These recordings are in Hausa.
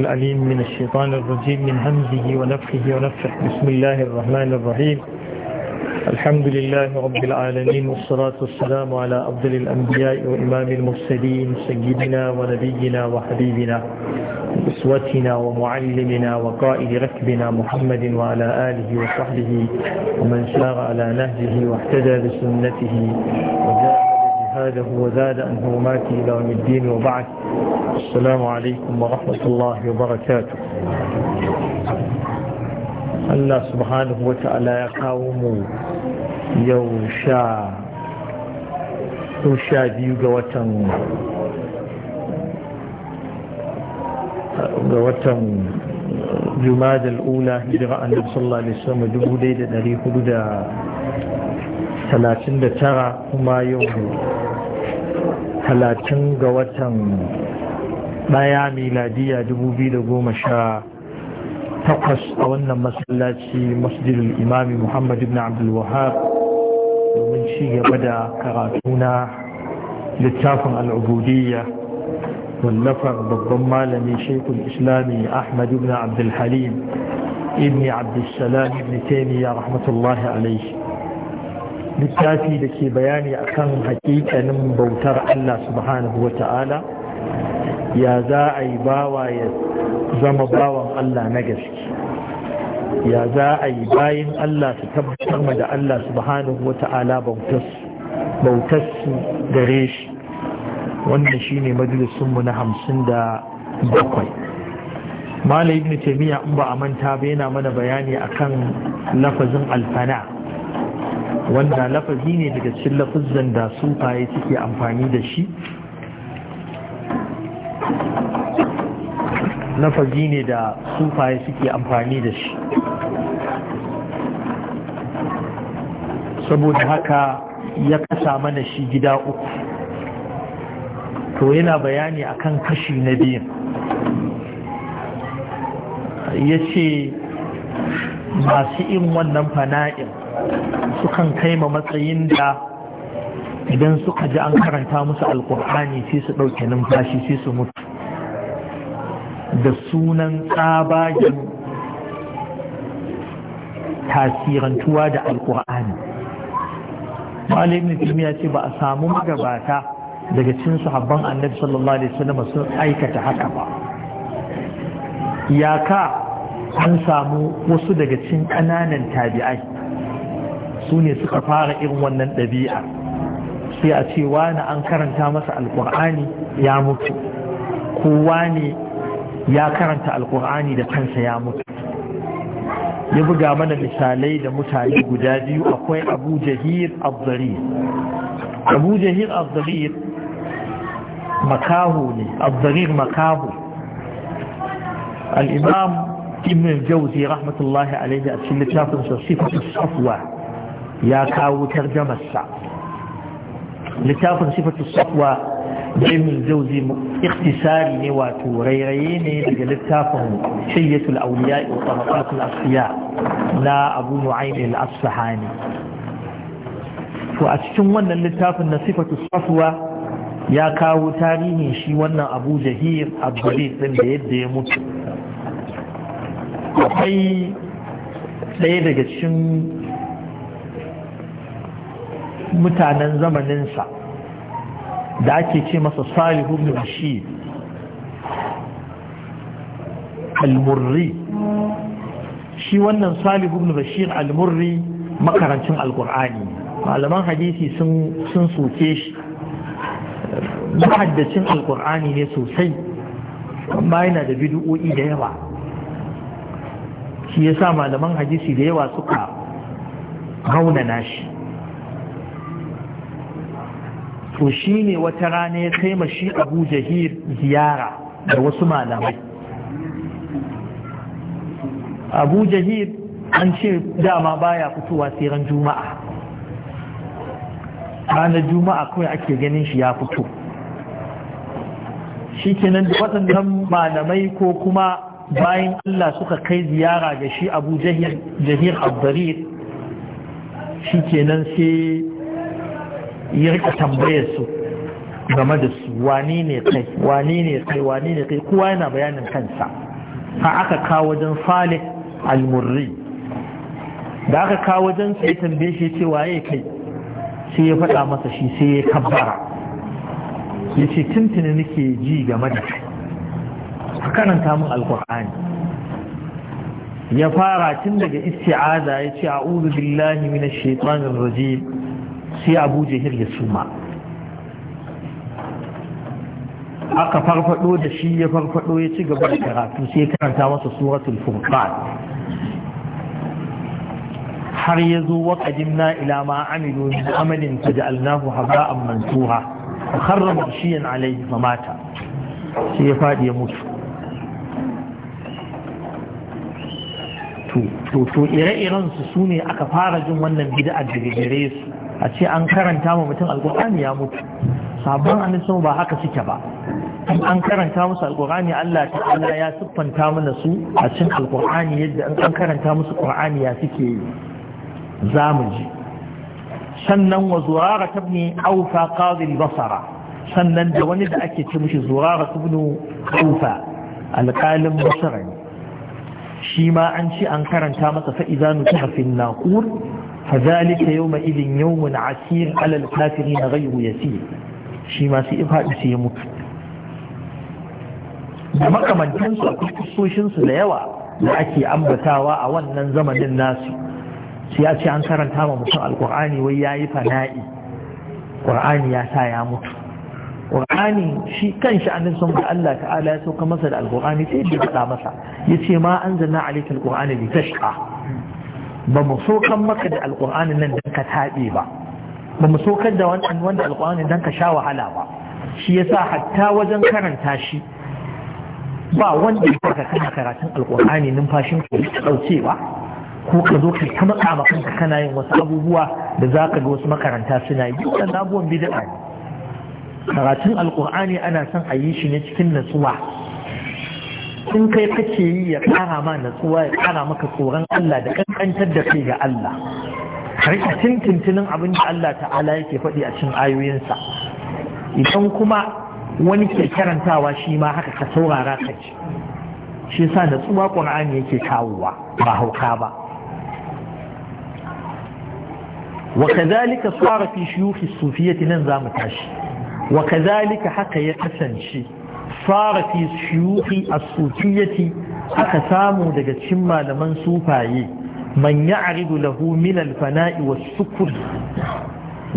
العليم من الشيطان الرجيم من همزه ونفخه ونفخه بسم الله الرحمن الرحيم الحمد لله رب العالمين والصلاة والسلام على أفضل الأنبياء وإمام المرسلين سيدنا ونبينا وحبيبنا أسوتنا ومعلمنا وقائد ركبنا محمد وعلى آله وصحبه ومن سار على نهجه واحتدى بسنته وجاء وأحفاده وزاد عن هرماته إلى يوم الدين وبعد السلام عليكم ورحمة الله وبركاته الله سبحانه وتعالى يقاوم يوشا يوشا بيوغا وتن وتن جماد الأولى هجرة النبي صلى الله عليه وسلم دبو ليلة نريه talatin da tara kuma yau talatin ga watan daya miladiya takwas a wannan masallaci masjidul imami muhammad ibn abdul wahab domin ci gaba da karatu na littafin al'ubudiyya wallafar babban malami shekul islami ahmad ibn abdul halim ibn abdul salam ibn taimiyya rahmatullahi alaihi littafi da ke bayani a kan hakikanin bautar Allah subhanahu wa ta'ala ya za a yi bawa ya zama bawan Allah na gaske ya za a yi bayan Allah su tabbatar da Allah subhanahu wa ta'ala bautarsu gare shi wannan shi ne majalisunmu na hamsin da bakwai malayi ibn taimiyya in ba a manta ba yana mana bayani akan lafazin alfana wanda lafazi ne daga cikin lafazin da sufaye suke amfani da shi lafazi ne da sufaye suke amfani da shi saboda haka ya kasa mana shi gida uku to yana bayani akan kashi na biyan, ya ce masu in wannan fana'in sukan kai ma matsayin da idan suka ji an karanta musu alkur'ani sai su ɗauke numfashi sai su mutu da sunan tsabagen tasirantuwa da alkur'ani malam ibn ya ce ba a samu magabata daga cikin sahabban annabi sallallahu alaihi wasallam sun aikata haka ba yaka an samu wasu daga cikin ƙananan tabi'ai su ne suka fara irin wannan ɗabi'a sai a ce wani an karanta masa alkur'ani ya mutu kowa ne ya karanta alkur'ani da kansa ya mutu ya buga mana misalai da mutane guda biyu akwai abu jahir abdari abu jahir abdari makahu ne abdarir makahu al'imam ibn jauzi rahmatullahi alaihi a cikin littafinsa sifatu safwa ya kawo tarjamarsa littafin sifatu safwa ibn jauzi iktisari ne wato rairaye ne daga littafin shayyatul awliya wa tabaqatul asfiya na abu nu'aym al-asfahani to a cikin wannan littafin na sifatu safwa ya kawo tarihin shi wannan abu jahir abdullah din da yadda ya mutu akwai ɗaya daga cikin mutanen zamaninsa da ake ce masa salihu bin bashir al-murri shi wannan salihu bin bashir al-murri makarancin al-qur'ani malaman hadisi sun soke shi mahaddacin al-qur'ani ne sosai amma yana da bid'u'o'i da yawa shi sa malaman hadisi da yawa suka raunana shi to shi ne wata rana ya kai mashi abu jahir ziyara da wasu malamai abu jahir an ce dama baya fitowa tseren juma'a ranar juma'a kawai ake ganin shi ya fito shi kenan da waɗannan malamai ko kuma bayan Allah suka kai ziyara ga shi abu jahir abdarir shi kenan sai ya rika tambaye su game da su wani ne kai wani ne kai wani ne kai kowa yana bayanin kansa a aka kawo wajen salih almurri da aka kawo wajen sai tambaye shi ce waye kai sai ya faɗa masa shi sai ya kabbara ya ce tuntuni nake ji game da kai ka karanta min alkur'ani ya fara tun daga isti'aza ya ce a'udu billahi minash shaitanir rajim sai abu jahir ya suma aka farfado da shi ya farfado ya ci gaba da karatu sai karanta masa suratul furqan har ya zo wa qadimna ila ma amilu min amalin faj'alnahu haba'an mansuha wa kharra shiyan alayhi famata sai ya fadi ya mutu to to ire-iren su sune aka fara jin wannan bid'a daga gare su a ce an karanta ma mutum alkur'ani ya mutu sabon annisun ba haka suke ba an karanta musu alkur'ani Allah ta'ala ya siffanta mana su a cikin alkur'ani yadda an karanta musu qur'ani ya suke yi zamuji sannan wa zurara tabni aufa qadi basara sannan da wani da ake ce mishi zurara ibn aufa alqalim basara shi ma an ce an karanta masa fa'iza idanu tahfin naqur فذلك يومئذ يوم عسير على الكافرين غير يسير shi masu ifaɗi su yi mutu da makamantansu a kuskushinsu da yawa da ake ambatawa a wannan zamanin nasu su ya ce an karanta ma mutum alkur'ani wai ya yi fana'i ƙur'ani ya sa ya mutu ƙur'ani shi kan shi an da Allah ta'ala ya sauka masa da alkur'ani sai da faɗa masa ya ce ma an zanna alaikal ƙur'ani bi tashqa ba mu sokan maka da alƙur'ani nan don ka taɓe ba ba mu da wanda alƙur'ani don ka sha wahala ba shi yasa hatta wajen karanta shi ba wanda ya ka kana karatun alƙur'ani numfashin ka ta ɗauke ba ko ka zo ka ta matsa ma kanka kana yin wasu abubuwa da za ka ga wasu makaranta suna yi waɗannan abubuwan bid'a ne karatun alƙur'ani ana son a yi shi ne cikin natsuwa sun kai kake yi ya kara ma natsuwa ya kara maka tsoron Allah da kankantar da kai ga Allah harka cin tuntunin abin da Allah ta'ala yake faɗi a cin ayoyinsa idan kuma wani ke karantawa shi ma haka ka saurara ka ci shi sa natsuwa ƙur'ani yake kawowa ba hauka ba وكذلك صار في شيوخ الصوفية ننزام تاشي haka ya kasance? صار في شيوخ الصوفية أكسامو دقشما لمن صوفاي من يعرض له من الفناء والسكر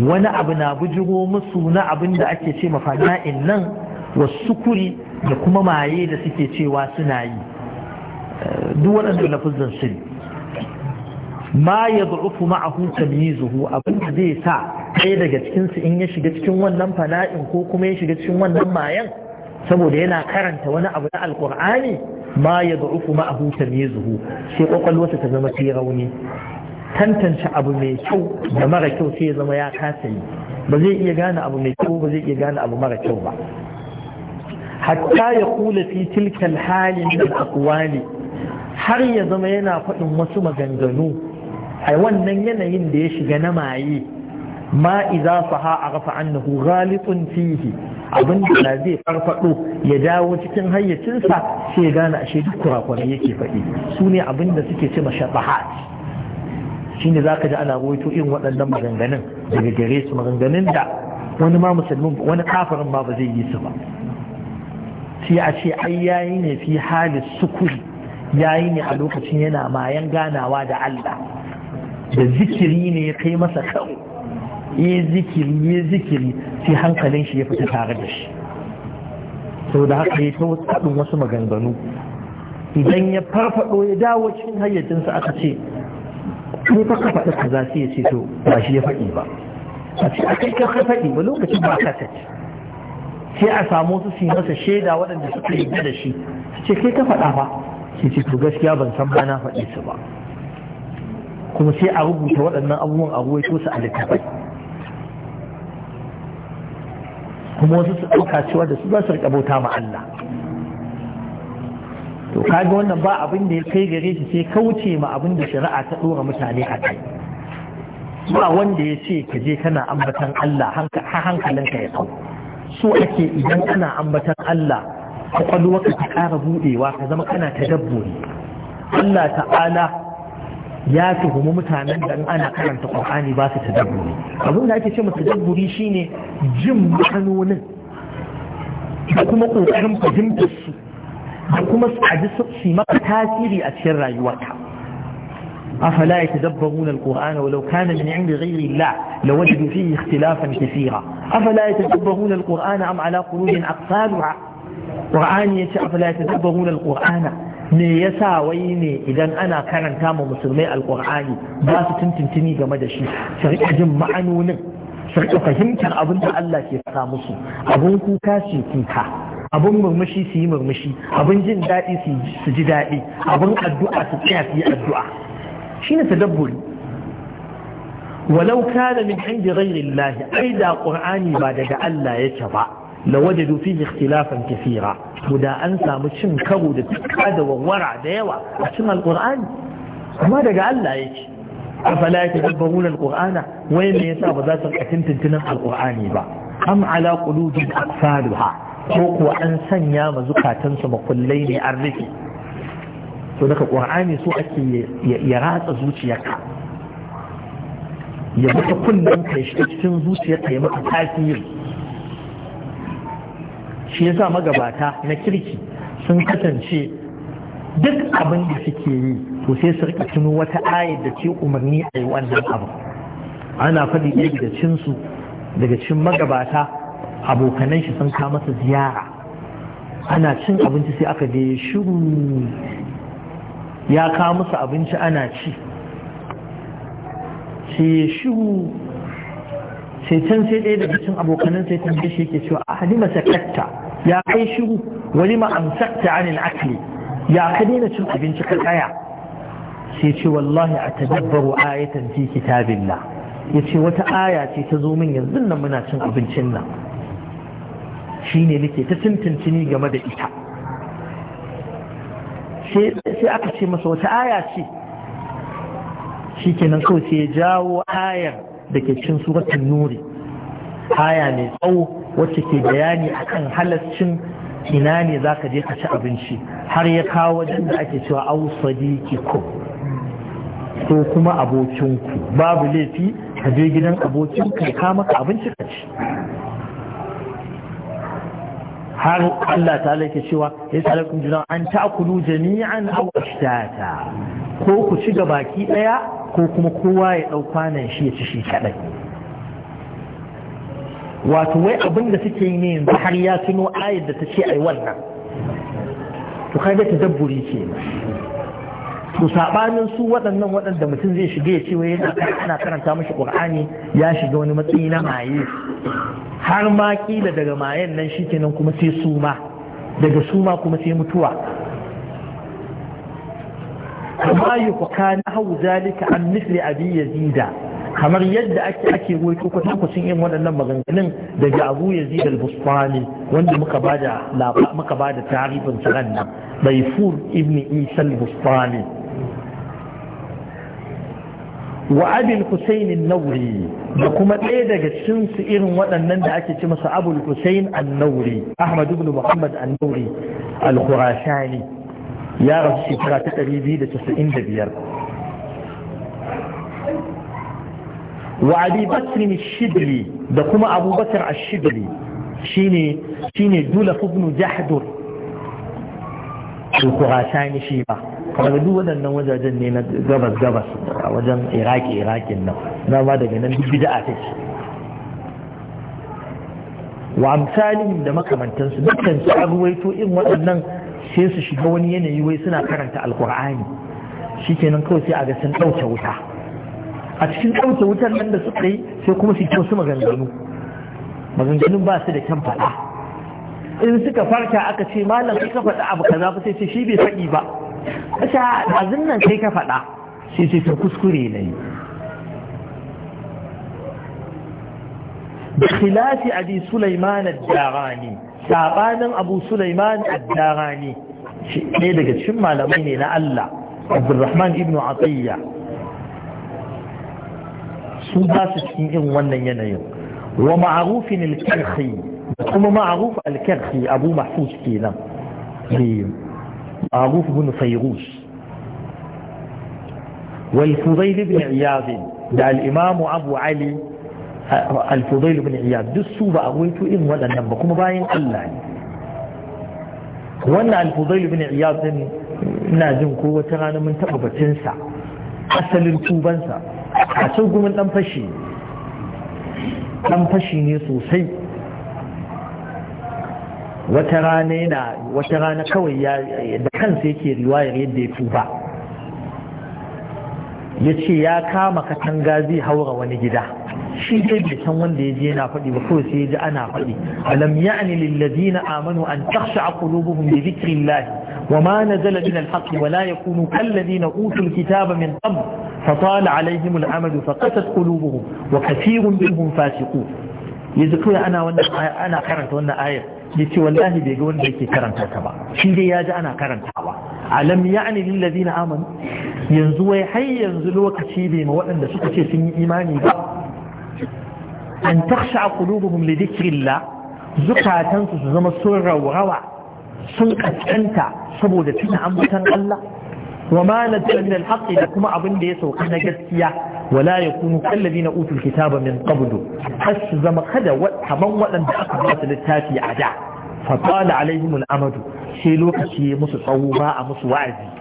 wani abu na bujiro musu na abin da ake ce mafana'in nan wasu kuri da kuma maye da suke cewa suna yi duk waɗanda lafizan su ma ya zu'ufu ma'ahu tamyizuhu abin da zai sa ɗaya daga cikinsu in ya shiga cikin wannan fana'in ko kuma ya shiga cikin wannan mayan saboda yana karanta wani abu na alkur'ani ma ya da'ufu ma'ahu tamyizuhu sai kwakwalwarsa ta zama ta rauni tantance abu mai kyau da mara kyau sai ya zama ya kasa yi ba zai iya gane abu mai kyau ba zai iya gane abu mara kyau ba hatta ya kula fi tilkal halin da akwali har ya zama yana faɗin wasu maganganu a wannan yanayin da ya shiga na maye ma iza saha a rafa annahu ghalitun fihi abinda da zai farfado ya dawo cikin hayyacinsa sai ya gane ashe duk kurakurai yake faɗi su ne abin da suke ce mashabahat shine zaka ji ana rawaito irin waɗannan maganganun daga gare su maganganun da wani ma musulmin wani kafirin ba zai yi su ba sai a ce ai yayi ne fi halin sukuri yayi ne a lokacin yana mayan ganawa da Allah da zikiri ne ya kai masa kawai ya zikiri ya zikiri sai hankalin shi ya fita tare da shi sau da haka ya ta haɗin wasu maganganu idan ya farfaɗo ya dawo cikin hayyacinsa aka ce ne fa ka faɗi kaza su ya ce to ba shi ya faɗi ba a ce a kai ka faɗi ba lokacin ba ka sai a samu su su masa shaida waɗanda suka yi da shi su ce kai ka faɗa ba sai ce to gaskiya ban san ba na faɗi su ba kuma sai a rubuta waɗannan abubuwan a ruwaito su a littafai kuma wasu su ɗauka cewa da su za su rikabauta bauta ma Allah to kaga wannan ba abin da ya kai gare shi sai kauce ma abin da shari'a ta ɗora mutane a kai ba wanda ya ce ka je kana ambatan Allah har ka ya sau so ake idan kana ambatan Allah kwakwalwarka ta ƙara buɗewa ka zama kana ta dabbori Allah ta'ala ya tuhumi mutanen da ana karanta Qur'ani ba su tadabburi abin da ake ce mu tadabburi shine jin ma'anonin da kuma kokarin fahimtar su da kuma aji su maka tasiri a cikin rayuwarka afala yatadabbarun al-Qur'an walau kana min 'indi ghayri Allah lawajadu fihi ikhtilafan kaseera afala yatadabbarun al alƙur'an am ala qulubin aqsaluha Qur'ani yace afala yatadabbarun al-Qur'ana me yasa wai ne idan ana karanta ma musulmai alkur'ani ba su tuntuntuni game da shi su riƙa jin ma'anonin su riƙa fahimtar abin da Allah ke faɗa musu abin kuka su kuka abin murmushi su yi murmushi abin jin daɗi su ji daɗi abin addu'a su tsaya su yi addu'a shine tadabburi walau kana min indi ghairi ai da qur'ani ba daga Allah yake ba lawajadu fihi ikhtilafan kaseera to da an samu cin karo da tuka da warwara da yawa a cikin alqur'ani amma daga Allah yake afala yatadabbaruna alqur'ana wai me yasa ba za su katin tuntunan alqur'ani ba am ala qulubin aqfaluha ko ko an sanya ma zukatansa su makullai ne an rufe to daga qur'ani so ake ya ratsa zuciyarka ya buka kullum kai shi cikin zuciyar ya maka tasiri shi yasa magabata na kirki sun kasance duk abin da suke yi to sai su rika tuno wata ayar da ce umarni a yi wannan abu ana faɗi ɗaya daga cinsu daga cin magabata abokanan shi sun kama masa ziyara ana cin abinci sai aka je shiru ya kawo musu abinci ana ci sai shiru sai can sai ɗaya daga cikin abokanan sai tambaye shi yake cewa a ah, halima sakatta ya kai shiru wani ma sakta anil akli ya ka daina cin abinci ka tsaya sai ce wallahi a tadabbaru ayatan fi kitabillah ya ce wata aya ce ta zo min yanzu nan muna cin abincin nan shine nake ta ni game da ita sai aka ce masa wata aya ce shikenan kawai sai ya jawo ayar da ke cin suratun nuri Haya mai tsawo wacce ke bayani akan halaccin ina ne za ka je ka ci abinci har ya kawo wajen da ake cewa au sadiki ko ko kuma abokinku babu laifi ka je gidan abokinku ya kama ka abinci ka ci har Allah ta ke cewa ya salakun juna an ta'kulu jami'an au ashtata ko ku ci ga baki daya ko kuma kowa ya ɗau kwanan shi ya ci shi kaɗai wato wai abin da suke yi ne yanzu har ya tuno ayar da ta ce ai wannan to kaga ta dabburi ke to sabanin su waɗannan waɗanda mutum zai shiga ya ce wai yana ana karanta mashi qur'ani ya shiga wani matsayi na maye har ma ƙila daga mayen nan shi kenan kuma sai suma daga suma kuma sai mutuwa kuma yi kuka na hau zalika an misli abi yazida kamar yadda ake ake wato ku sun yin waɗannan maganganun daga abu yazid al-bustani wanda muka bada muka bada tarihin sanan nan fur ibn isa al-bustani wa abin husain nauri da kuma ɗaya daga cikin su irin waɗannan da ake ci masa abul husain an-nauri ahmad ibn muhammad an-nauri al-khurashani ya rasu shekara ta ɗari biyu da casa'in da biyar wa abi bakr shibli da kuma abubakar ashibli shine shine dula ibn jahdur al-qurashani shi ba kamar duk waɗannan wajajen ne na gabas gabas a wajen iraki iraki nan na ba daga nan duk bid'a take wa amsalihim da makamantansu dukkan su abuwaito ruwaito irin waɗannan sai su shiga wani yanayi wai suna karanta alkur'ani shikenan kawai sai a ga sun ɗauke wuta a cikin ɗauke wutar nan da suka yi sai kuma su kyau su maganganu maganganun ba su da kyan faɗa in suka farka aka ce malam kai ka faɗa abu kaza ba sai shi bai faɗi ba kasha azin nan kai ka faɗa sai sai ta kuskure na yi بخلاف أبي سليمان ne. sabanin abu sulaiman ad-darani shi ne daga cikin malamai ne na Allah Abdurrahman ibn Atiyya su ba su cikin irin wannan yanayin wa ma'arufin al-karhi kuma ma'aruf al abu mahfuz kenan ne ma'aruf ibn fayrus wal fudail ibn iyad da al-imam abu ali al-fudail iyad duk su ba a waito irin waɗannan ba kuma bayan Allah ne wannan al-fudail iyad din ina jin ko wata rana mun taɓa batunsa asalin tubansa a can gumin ɗan fashi ɗan fashi ne sosai wata rana yana wata rana kawai ya da kansa yake riwayar yadda ya tuba ya ce ya kama katanga zai haura wani gida shi dai bai san wanda ya je yana faɗi ba kawai sai ya ji ana faɗi alam ya'ni lillazina amanu an takhsha qulubuhum li dhikrillah wa ma nazala min al-haqq wa la yakunu kallazina utul kitaba min qabl فطال عليهم الامد فقست قلوبهم وكثير منهم فاسقون yanzu kawai ana wannan ana karanta wannan ayar Ya ce wallahi bai ga wanda yake karanta ta ba shi dai ya ji ana karantawa alam ya'ni lillazina amanu yanzu wai har yanzu lokaci bai ma waɗanda suka ce sun yi imani ba an taksha qulubuhum li dhikrillah zukatansu su zama sun raurawa sun kaskanta saboda tuna ambatan Allah wa ma nazala min da kuma abin da ya sauka na gaskiya wala yakunu kal na utul kitaba min qablu as zama kada kaman waɗanda aka ba su littafi a da fa qala alaihim al-amadu sai lokaci musu tsawo ba a musu wa'azi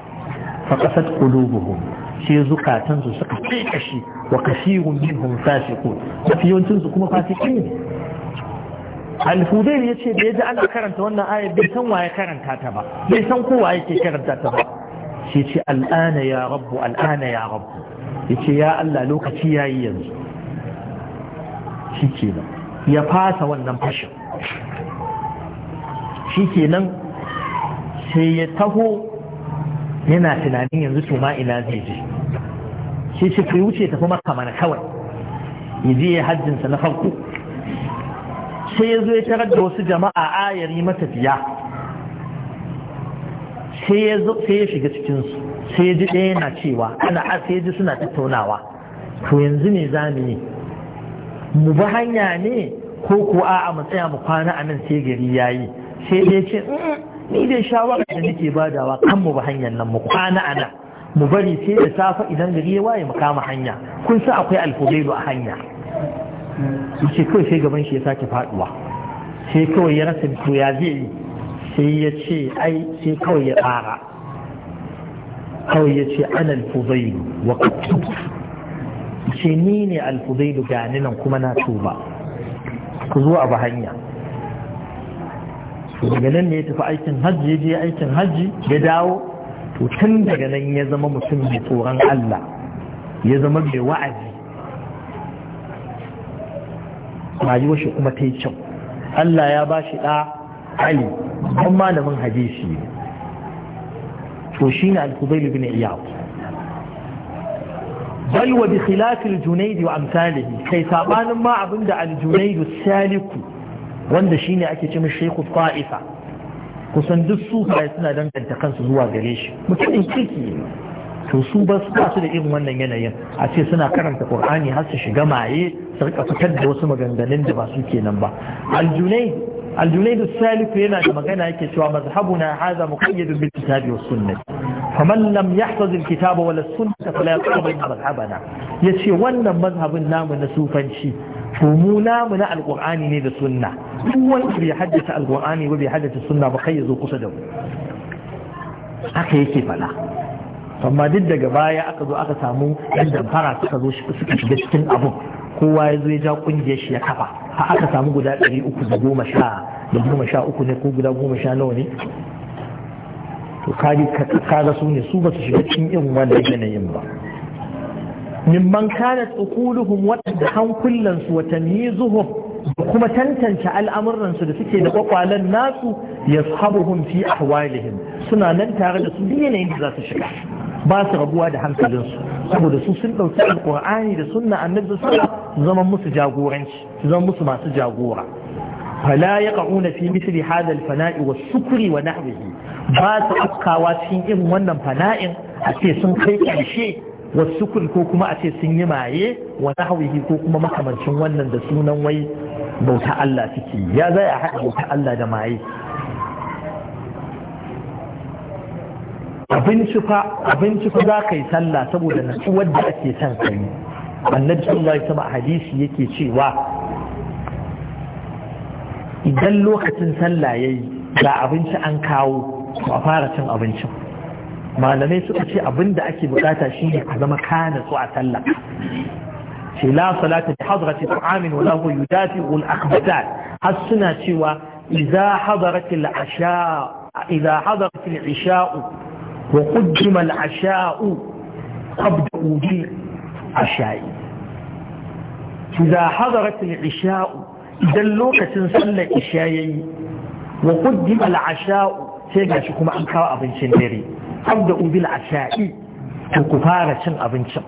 فقست قلوبهم sai zukatansu suka kashi wa kasirun minhum fasiqun mafi yawancin su kuma fasiki ne al-fudail yace da yaji ana karanta wannan aya bai san waye karanta ta ba bai san kowa yake karanta ta ba sai ce al'ana ya rabbu al'ana ya rabbu yace ya Allah lokaci yayi yanzu shikenan ya fasa wannan fashin shikenan sai ya taho yana tunanin yanzu su ma ina zai je shi shi kai wuce tafi maka mana kawai ya je ya hajjinsa na farko sai ya zo ya tarar da wasu jama'a ayari matafiya sai ya shiga cikinsu sai ya ji ɗaya yana cewa ana a sai ya ji suna tattaunawa to yanzu ne za mu yi mu bi hanya ne ko ko a a mu mu kwana a nan sai gari ya yi sai ya ce ni dai shawara da nake badawa kan mu ba hanyar nan mu kwana ana mu bari sai da safa idan gari ya waye mu kama hanya kun sa akwai alfudailu a hanya yace kawai sai gaban shi ya sake faduwa sai kawai ya rasa to ya zai sai ya ce ai sai kawai ya tsara kawai ya ce ana alfudailu wa ce ni ne alfudailu ga nan kuma na tuba ku zo a hanya daga nan ne ya tafi aikin hajji ya je aikin hajji ya dawo to tun daga nan ya zama mutum mai tsoron Allah ya zama mai wa'azi rayuwar shi kuma ta yi kyau Allah ya ba shi ɗa Ali kuma malamin hadisi ne to shi ne al-Fudail bin Iyad wa bi khilaf al wa amsalihi kai sabanin ma abinda al saliku wanda shine ne ake cimin shekut fa’ifa kusan duk sufaye suna danganta kansu zuwa gare shi mutumin kirki ne to su ba su ba su da irin wannan yanayin a ce suna karanta ƙur'ani har su shiga maye su rika fitar da wasu maganganun da ba su kenan ba aljunai aljunai da salifu yana da magana yake cewa mazhabu na haza muqayyadun bil kitabi was sunnah faman lam yahfaz al kitaba wal sunnah fala yaqbal mazhabana yace wannan mazhabin namu na sufanci to mu namu na alqur'ani ne da sunna duk wanda bai haddace alqur'ani ba bai haddace sunna ba kai ya zo kusa da mu haka yake fada amma duk daga baya aka zo aka samu yan damfara suka zo suka shiga cikin abun kowa ya zo ya ja kungiyar shi ya kafa har aka samu guda ɗari uku da goma sha da goma sha uku ne ko guda goma sha nawa ne to ka su ne su ba su shiga cikin irin wannan yanayin ba mimman kanat uquluhum wadda hankulan su wa tamyizuhum kuma tantance al'amuran su da suke da kwakwalan nasu yashabuhum fi ahwalihim suna nan tare da su duk yanayin da za su shiga ba su rabuwa da hankalin su saboda su sun dauki alqur'ani da sunna annabi sallallahu zaman musu jagoranci zaman musu masu jagora فلا يقعون في مثل هذا الفناء والسكر ونحوه ba su afkawa cikin irin wannan fana'in a ce sun kai ƙarshe wasu kul ko kuma a ce sun yi maye wa nahwihi ko kuma makamancin wannan da sunan wai bauta Allah suke ya zai a haɗa bauta Allah da maye abinci fa za ka yi sallah saboda na natsuwar da ake son ka yi annabi sallallahu alaihi wasallam hadisi yake cewa idan lokacin sallah yayi ga abinci an kawo a fara cin abincin malamai suka ce abinda ake bukata shine ka zama kana su a sallah ce la salata bi hadrati ta'amin wa lahu yudafi'u al-akhbatan har suna cewa idza hadarat al-asha idza hadarat al-isha'u wa qaddama al-asha'u qabda'u bi asha'i idza hadarat al-isha'u idan lokacin sallar isha yayi wa qaddama al-asha'u sai gashi kuma an kawo abincin dare abda ubil asha'i to ku fara cin abincin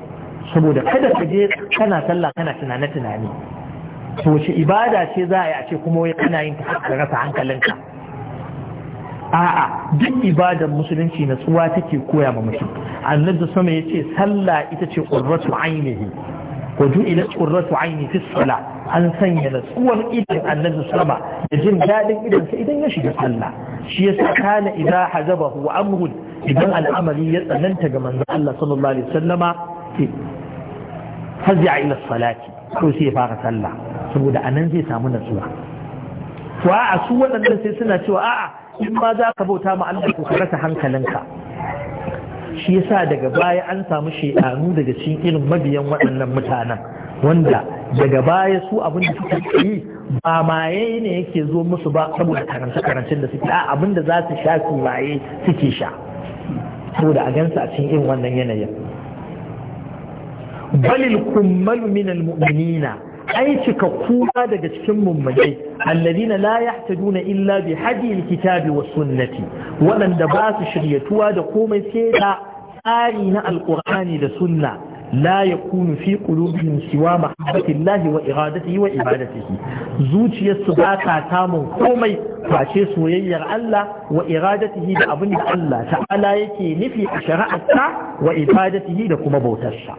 saboda kada ka je kana sallah kana tunane tunani to shi ibada ce za a yi a ce kuma wai kana yin ta rasa hankalinka a'a duk ibadar musulunci natsuwa take koya ma mutum annabi sama yace sallah ita ce qurratu ainihi wa ju'ilat qurratu aini fi sala an sanya natsuwar idan annabi sama da jin dadin idan sa idan ya shiga sallah shi yasa kana idza hazabahu amrun idan al'amari ya tsananta ga manzo Allah sallallahu alaihi wasallama fazi'a ila salati ko sai ya fara sallah saboda anan zai samu natsuwa to a su waɗannan sai suna cewa a'a in ma za ka bauta ma Allah ko ka rasa hankalinka shi yasa daga baya an samu shedanu daga cikin irin mabiyan waɗannan mutanen wanda daga baya su abin da suke yi ba maye ne yake zo musu ba saboda karance-karancen da suke a abin da za su sha su maye suke sha saboda a gansa a cikin irin wannan yanayin balil kummalu min almu'minina ai cika kuma daga cikin mummunai alladina la yahtaduna illa bi hadil kitabi wa sunnati waɗanda ba su shiryatuwa da komai sai da tsari na alqur'ani da sunna la yakunu fi qulubihim siwa mahabbatillahi wa iradatihi wa ibadatihi zuciyarsu ba ta samun komai face soyayyar Allah wa iradatihi da abin da Allah ta'ala yake nufi a shari'arsa wa ibadatihi da kuma bautarsa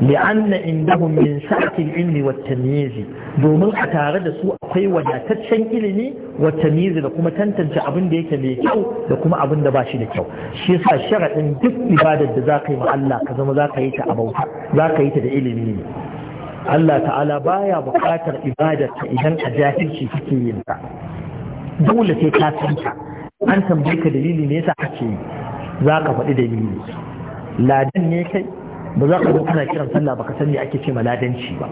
لأن عندهم من سعة العلم والتمييز دومن أتارد سوء أقوي وداتتشن إلني والتمييز لكم تنتنج أبن ديك ليكو لكم أبن دباشي ليكو شيسا الشرع إن دك إبادة ذاقي مع الله كذا ذاك يتا أبوها ذاك يتا دعيلني Allah ta'ala baya buƙatar ibadarta idan a jahilci kake yin ta dole sai ka san ta an tambaye ka dalili ne yasa kake yi za ka faɗi dalili ladan ne kai ba za ka zo ana kiran sallah baka san me ake ce maladanci ba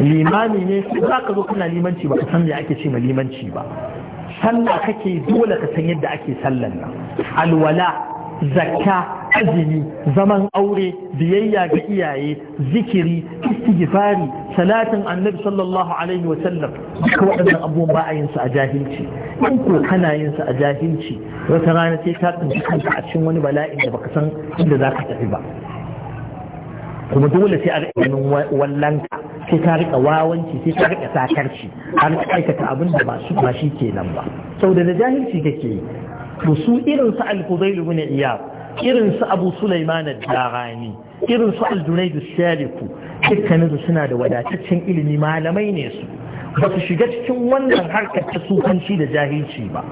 limami ne za ka zo kana limanci baka san me ake ce limanci ba sallah kake dole ka san yadda ake sallan nan alwala zakka azumi zaman aure biyayya ga iyaye zikiri istighfari salatin annabi sallallahu alaihi wa sallam waɗannan abubuwan ba a su a jahilci in ko kana yin su a jahilci wata rana sai ka tsinci kanka a cikin wani bala'in da baka san inda zaka tafi ba kuma dole sai a ga ganin wallanka sai ka riƙa wawanci sai ka riƙa sakarci har ka aikata abin da ba shi kenan ba sau da jahilci kake yi to su irin su al-fudail ibn iyad irin su abu sulaiman ad rani irin su al-junayd as-saliku dukkanin su suna da wadataccen ilimi malamai ne su ba su shiga cikin wannan harkar ta sukanci da jahilci ba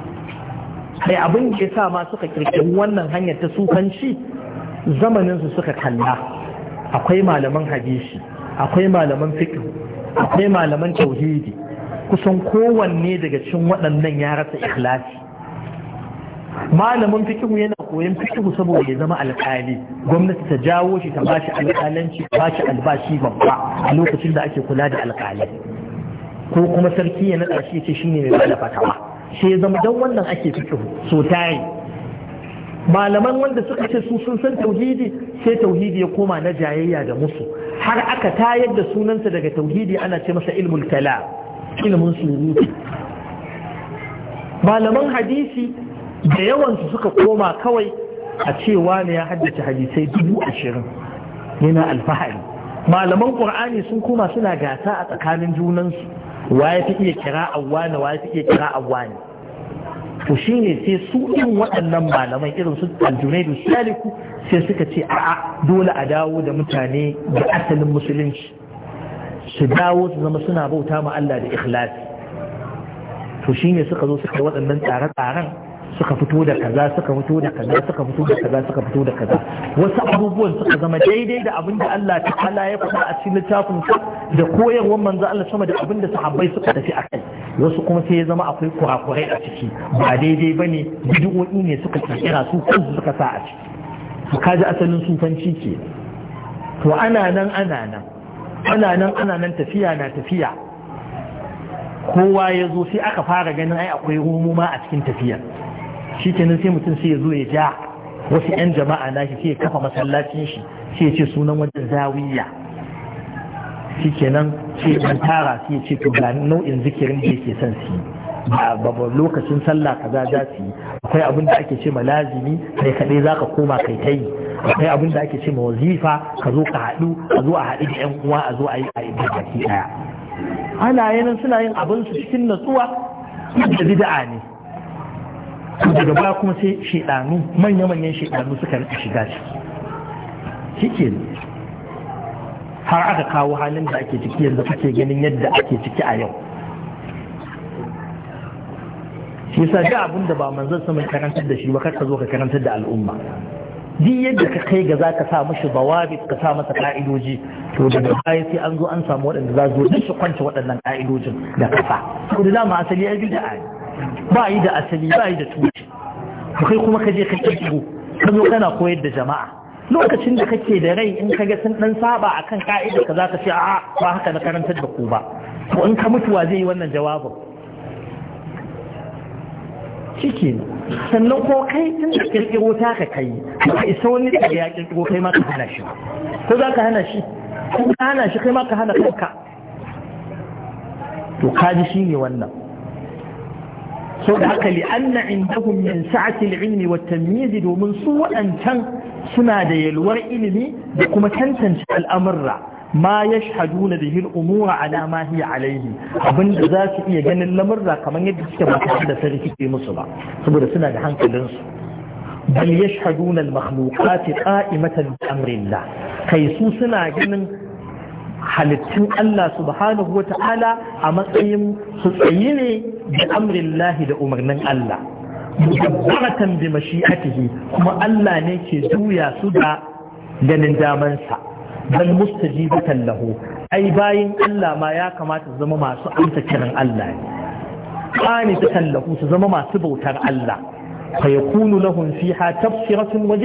kai abin da yasa ma suka kirkiri wannan hanyar ta sukanci zamanin su suka kalla akwai malaman hadisi akwai malaman fiqh akwai malaman tauhidi kusan kowanne daga cikin waɗannan ya rasa ikhlasi malamin fikihu yana koyon fikihu saboda ya zama alƙali gwamnati ta jawo shi ta bashi alƙalanci bashi albashi babba a lokacin da ake kula da alƙali ko kuma sarki ya naɗa shi ce shine mai bada fatawa sai ya zama don wannan ake fikihu so tayi malaman wanda suka ce su sun san tauhidi sai tauhidi ya koma na jayayya da musu har aka tayar da sunansa daga tauhidi ana ce masa ilmul kalam ilmin surutu malaman hadisi da yawansu suka koma kawai a cewa ne ya haddace hadisai dubu ashirin yana alfahari malaman ƙur'ani sun koma suna gasa a tsakanin junansu wa ya fi iya kira awwani wa ya fi iya kira awwani to shi ne sai su in waɗannan malaman irin su aljunai da shaliku sai suka ce a'a dole a dawo da mutane da asalin musulunci su dawo su zama suna bauta ma Allah da ikhlasi to shi ne suka zo suka waɗannan tsare-tsaren suka fito da kaza suka fito da kaza suka fito da kaza suka fito da kaza wasu abubuwan suka zama daidai da abin da Allah ta'ala ya faɗa a cikin littafin sa da koyarwar manzo Allah sama da abin da sahabbai suka tafi akai wasu kuma sai ya zama akwai kurakurai a ciki ba daidai bane bid'o'i ne suka kirkira su kansu suka sa a ciki to kaji asalin sufanci ke to ana nan ana nan ana nan ana nan tafiya na tafiya kowa ya zo sai aka fara ganin ai akwai rumu ma a cikin tafiyar shi kenan sai mutum sai ya zo ya ja wasu 'yan jama'a na shi sai ya kafa masallacin shi sai ya ce sunan wajen zawiya shi kenan sai ya tara sai ya ce to ga nau'in zikirin da yake son su yi babban lokacin sallah kaza za su yi akwai abin da ake ce ma lazimi kai kaɗai za ka koma kai ta yi akwai abin da ake ce ma wazifa ka zo ka haɗu a zo a haɗu da yan uwa a zo a yi a yi baki ɗaya ana yanin suna yin abin su cikin natsuwa da bid'a ne to daga baya kuma sai shaidanu manya-manyan shaidanu suka rika shiga ciki shike har aka kawo halin da ake ciki yanzu kake ganin yadda ake ciki a yau shi yasa ga abin da ba manzon sama karantar da shi ba kar ka zo ka karantar da al'umma duk yadda ka kai ga zaka sa mishi bawabi ka sa masa ka'idoji to daga baya sai an zo an samu waɗanda za zo duk su kwance waɗannan ka'idojin da kasa to da dama asali ai bid'a ne ba yi da asali ba yi da tuni to kai kuma ka je ka kirkiro ka zo kana koyar da jama'a lokacin da kake da rai in ka ga sun dan saba akan ka'ida ka za ka ce a ba haka na karantar da ku ba to in ka mutuwa zai yi wannan jawabin ciki sannan ko kai tun da kirkiro ta ka kai ka isa wani da ya kirkiro kai ma ka hana shi ko za ka hana shi ko ka hana shi kai ma ka hana kanka to kaji shi ne wannan sau da haka li anna indahum min sa'ati al-ilmi wa tamyiz domin su wadancan suna da yalwar ilimi da kuma tantance al'amurra ma yashhaduna bihi al-umura ala ma hiya alayhi abinda za su iya ganin lamurra kamar yadda suke ba tare da musu ba saboda suna da hankalin su bal yashhaduna al-makhluqat qa'imatan bi amrillah kai su suna ganin halittun Allah subhanahu wa ta'ala a matsayin su tsayi ne da amrin lahi da umarnin Allah mudabbaratan bi mashi'atihi kuma Allah ne ke juya su da ganin damansa bal mustajibatan lahu ai bayin Allah ma ya kamata su zama masu amsa kiran Allah ne ta lahu su zama masu bautar Allah fa lahun lahum fiha tafsiratun wa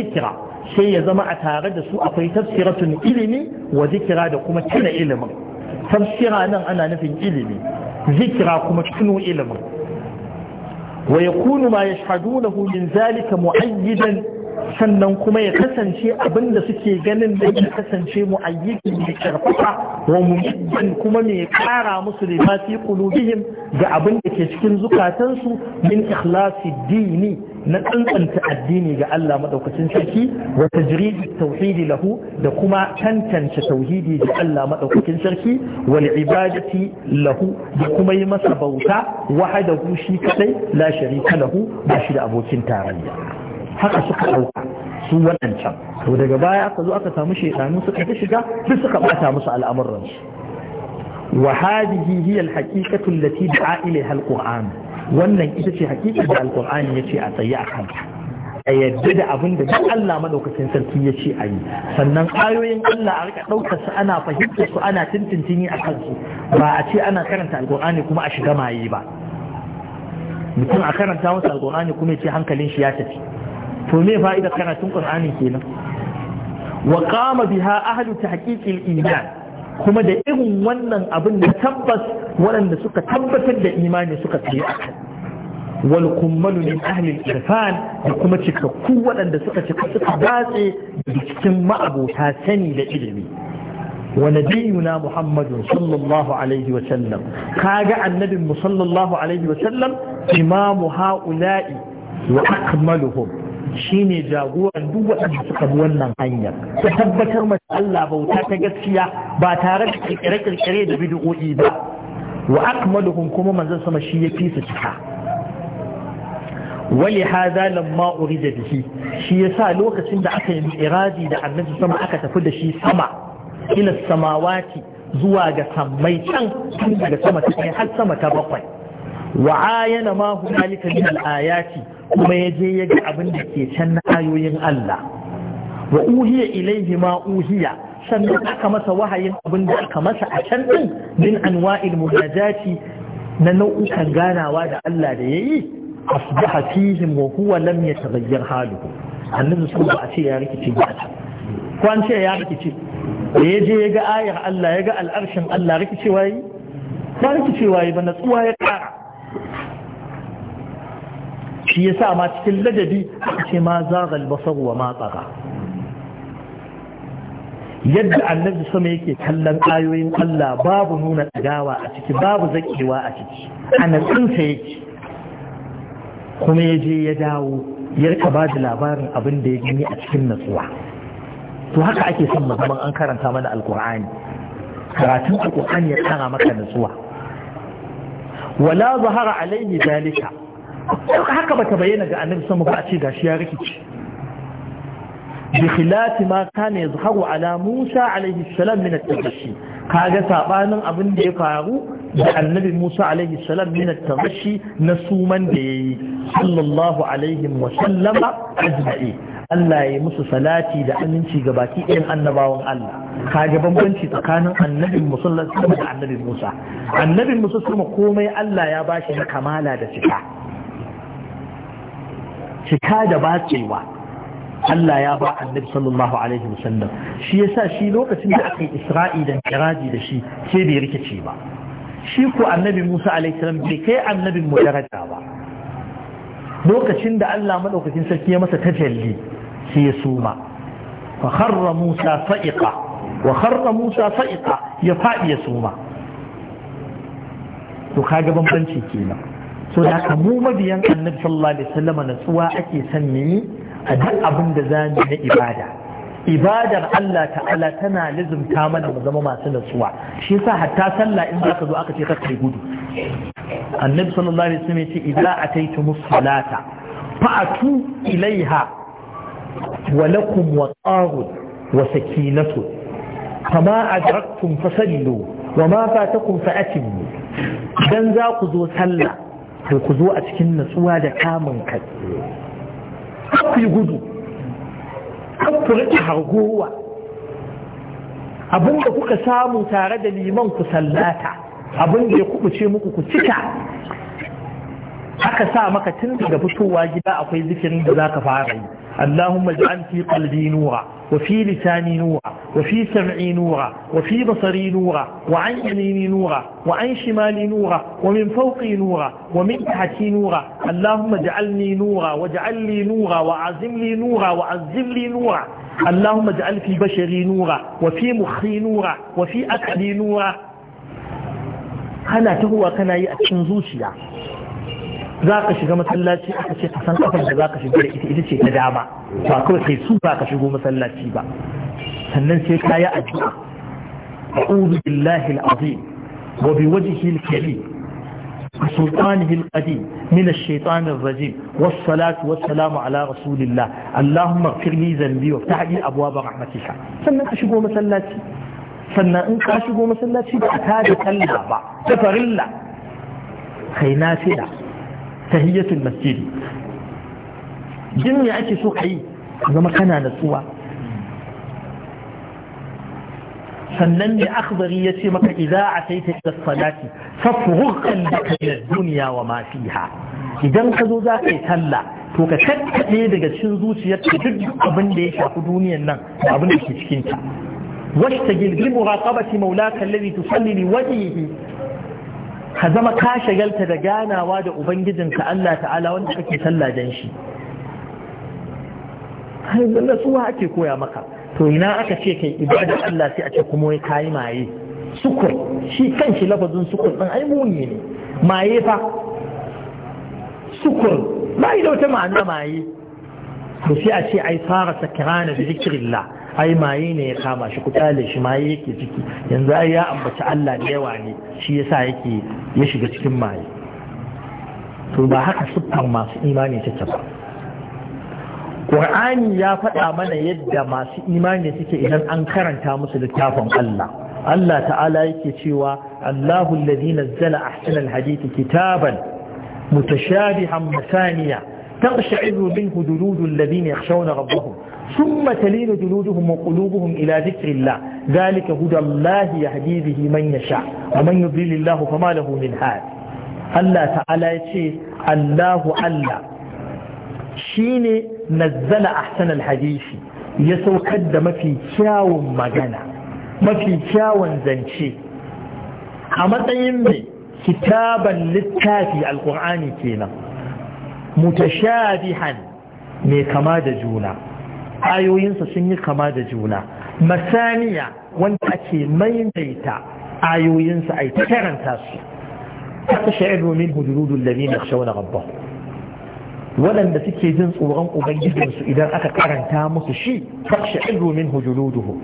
sai ya zama a tare da su akwai tafsiratun ilimi wa da kuma tuna ilimin tafsira nan ana nufin ilimi zikira kuma tuno ilimin wa yakunu ma yashhadunahu min zalika mu'ayyidan sannan kuma ya kasance abin da suke ganin da ya kasance mu'ayyidin mai karfafa wa mu'ayyidin kuma mai kara musu fi kulubihim ga abin da ke cikin zukatansu min ikhlasi dini na tsantsanta addini ga Allah maɗaukacin sarki wa tajridi tauhidi lahu da kuma tantance tauhidi ga Allah maɗaukacin sarki wal ibadati lahu da kuma yi masa bauta wahadahu shi kadai la sharika lahu ba shi da abokin tarayya haka suka ɗauka su waɗancan to daga baya aka zo aka samu shaidanu suka ta shiga duk suka bata musu al'amuransu وهذه هي الحقيقة a ilai إليها qur'an. wannan ita ce hakikar da alkur'ani ya ce a tsaye a kanta a yadda da abin da duk Allah madaukakin sarki ya ce a yi sannan ayoyin Allah a rika ɗaukar su ana fahimtar su ana tintintini a kansu ba a ce ana karanta alkur'ani kuma a shiga maye ba mutum a karanta masa alkur'ani kuma ya ce hankalin shi ya tafi to me fa'idar karatun qur'ani kenan wa qama biha ahlu tahqiqil iman kuma da irin wannan abin da tabbas waɗanda suka tabbatar da imani suka tsaye a kan. wal kummalu min ahli irfan da kuma cikakku waɗanda suka cika suka datse da cikin ma'abota sani da ilimi wa nabiyuna muhammadun sallallahu alaihi wa sallam kaga annabin mu sallallahu alaihi wa sallam imamu haula'i wa akmaluhum shine jagoran duk waɗanda suka bi wannan hanyar ta tabbatar mata Allah bauta ta gaskiya ba tare da kirkire-kirkire da bid'o'i ba wa akmaluhum kuma manzon sama shi ya fi su cika wali hada lamma urida bihi shi yasa lokacin da aka yi iradi da annabi sama aka tafi da shi sama ila samawati zuwa ga sammai can tun daga sama ta har sama ta bakwai wa ayana ma hunalika min al-ayati kuma ya je ya ga abin da ke can na ayoyin Allah wa uhiya ilaihi ma uhiya sannan aka masa wahayin abin da aka masa a can din min anwa'il munajati na nau'ukan ganawa da Allah da yayi asbaha fihim wa huwa lam yataghayyar haluhu annabi sun ba a ce ya rikice ba ko an ce ya rikice da ya je ya ga ayar Allah ya ga al'arshin Allah rikicewa yi ba rikicewa yi ba natsuwa ya kara shi yasa ma cikin ladabi ce ma zagal basar wa ma yadda annabi sama yake kallon ayoyin Allah babu nuna ɗagawa a ciki babu zakewa a ciki a natsinsa yake kuma ya je ya dawo ya rika ba da labarin abin da ya gani a cikin natsuwa to haka ake son musamman an karanta mana alkur'ani karatun alkur'ani ya kara maka natsuwa wala zahara alaihi zalika haka bata bayyana ga annabi sama ba a ce gashi ya rikici bi khilafi ma kana yazharu ala Musa alayhi salam min at-tabashi kaga sabanin abin da ya faru da annabi Musa alayhi salam min at-tabashi na suman da yayi sallallahu alaihi wa sallama ajma'i Allah ya musu salati da aminci ga baki ɗayan annabawan Allah kaga bambanci tsakanin annabin musulman da annabin Musa annabin Musa komai Allah ya bashi na kamala da cika cika da batsewa Allah ya ba annabi sallallahu alaihi wasallam shi yasa shi lokacin da aka yi isra'i da miraji da shi sai bai rikice ba shi ko annabi Musa alaihi salam bai kai annabin mu daraja ba lokacin da Allah madaukakin sarki ya masa tajalli sai ya suma fa kharra Musa fa'iqa wa kharra Musa fa'iqa ya fadi ya suma to kaga bambanci kenan to da ka mu mabiyan annabi sallallahu alaihi wasallam natsuwa ake son a duk abin da za mu na ibada ibadar Allah ta'ala tana lizumta mana mu zama masu natsuwa shi yasa hatta sallah in ka zo aka ce ka kai gudu annabi sallallahu alaihi wasallam yace idza ataytum salata fa'atu ilaiha wa lakum waqarun wa sakinatu kama adraktum fasallu wa ma fatakum fa'atimu dan za ku zo sallah to ku zo a cikin natsuwa da kamun kai ku yi gudu ku riƙe hargowa da kuka samu tare da liman ku sallata da ya kuɓuce muku ku cika aka sa maka tun daga fitowa gida akwai zikirin da zaka fara yi Allahumma ij'al fi nura wa fi lisani nura wa fi nura wa fi basari nura wa an yamini nura wa an nura wa min nura wa min tahti nura Allahumma ij'alni li nura wa azim li nura wa azim li nura Allahumma ij'al fi bashari nura wa fi nura nura kana tahuwa kana yi a cikin zuciya za ka shiga masallaci aka ce a san kafar da za ka shiga da ita ita ce ta dama ba kawai ka su ba ka shigo masallaci ba sannan sai ka yi addu'a a'udhu billahi al-azim wa bi wajhihi al-karim wa sultanihi al-qadim min ash-shaytani salatu was-salamu ala rasulillah allahumma ighfir li dhanbi wa ftah li abwaaba sannan ka shigo masallaci sannan in ka shigo masallaci ba ka da talla ba Tafarinla. farilla kai na fida tahiyyatul masjid jin me ake so kai zama kana natsuwa sannan da akhbari ya ce maka idza ataita ila salati fafrugh qalbaka min dunya wa ma fiha idan ka zo za yi sallah to ka kakkaɗe daga cikin zuciyar ka duk abin da ya shafi duniyar nan da abin da ke cikin ta washtagil bi muraqabati maulaka alladhi tusalli li wajhihi ka zama ka shagalta da ganawa da ubangijinka Allah ta'ala wanda kake sallah dan shi har nasuwa ake koya maka to ina aka ce kai ibada Allah sai a ce kuma ya kayi maye sukur shi kan shi lafazin sukur ɗin ai muni ne maye fa sukur ba da wata ma'ana maye to sai a ce ai fara sakirana da zikirillah ai maye ne ya kama shi ku kyale shi maye yake ciki yanzu ai ya ambaci Allah da yawa ne shi yasa yake ya shiga cikin maye to ba haka siffar masu imani take ba Qur'ani ya faɗa mana yadda masu imani suke idan an karanta musu littafin Allah Allah ta'ala yake cewa Allahu alladhi nazzala ahsanal hadithi kitaban mutashabihan masaniya تقشعر منه جلود الذين يخشون ربهم ثم تلين جلودهم وقلوبهم إلى ذكر الله ذلك هدى الله يهدي به من يشاء ومن يضلل الله فما له من هاد الله تعالى يشي الله الله شيني نزل أحسن الحديث يسوكد ما في كاو مغنى ما في كاو زنشي أما تيمي كتابا للتافي القرآن كينا متشابها mai kama da juna ayoyinsa sun yi kama da juna masaniya wanda ake maimaita ayoyinsa a ta karanta su ta sha'iru min hujurudun lalina yakhshawna rabbahum waɗanda suke jin tsoron ubangijinsu idan aka karanta musu shi ta sha'iru min hujurudun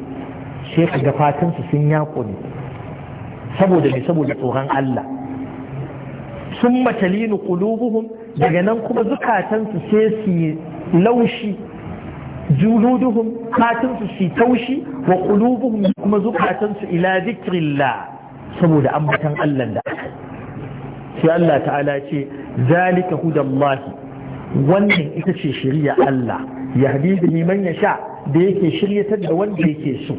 sai ka gafatansu sun yakuni saboda mai saboda tsoron Allah sun matalinu qulubuhum daga nan kuma zukatansu sai su yi laushi juluduhum katansu su taushi wa qulubuhum kuma zukatansu ila zikrillah saboda ambatan Allah da sai Allah ta'ala ce zalika hudallahi wannan ita ce shari'a Allah yahdi bihi man yasha da yake shiryatar da wanda yake so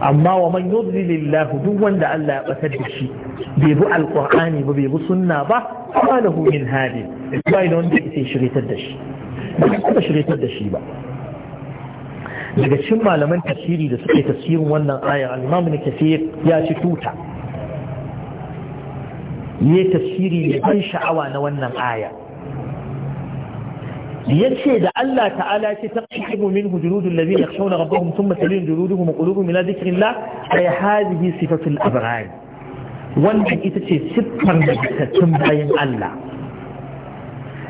amma wa man yudlilillahu duk wanda Allah ya batar da shi bai bi alqur'ani ba bai bu sunna ba kuma lahu min hadi bai da wanda yake shiryatar da shi ba shiryatar da shi ba daga cikin malaman tafsiri da suke tafsirin wannan aya al-imam ibn kathir ya ci tuta ne tafsiri mai ban sha'awa na wannan aya yace da Allah ta'ala ce taqimu minhu juludul ladina yakhshawna rabbahum thumma talinu juluduhum wa qulubuhum ila dhikrillah ay hadhihi sifatul abrar wannan ita ce siffar da tattun bayan Allah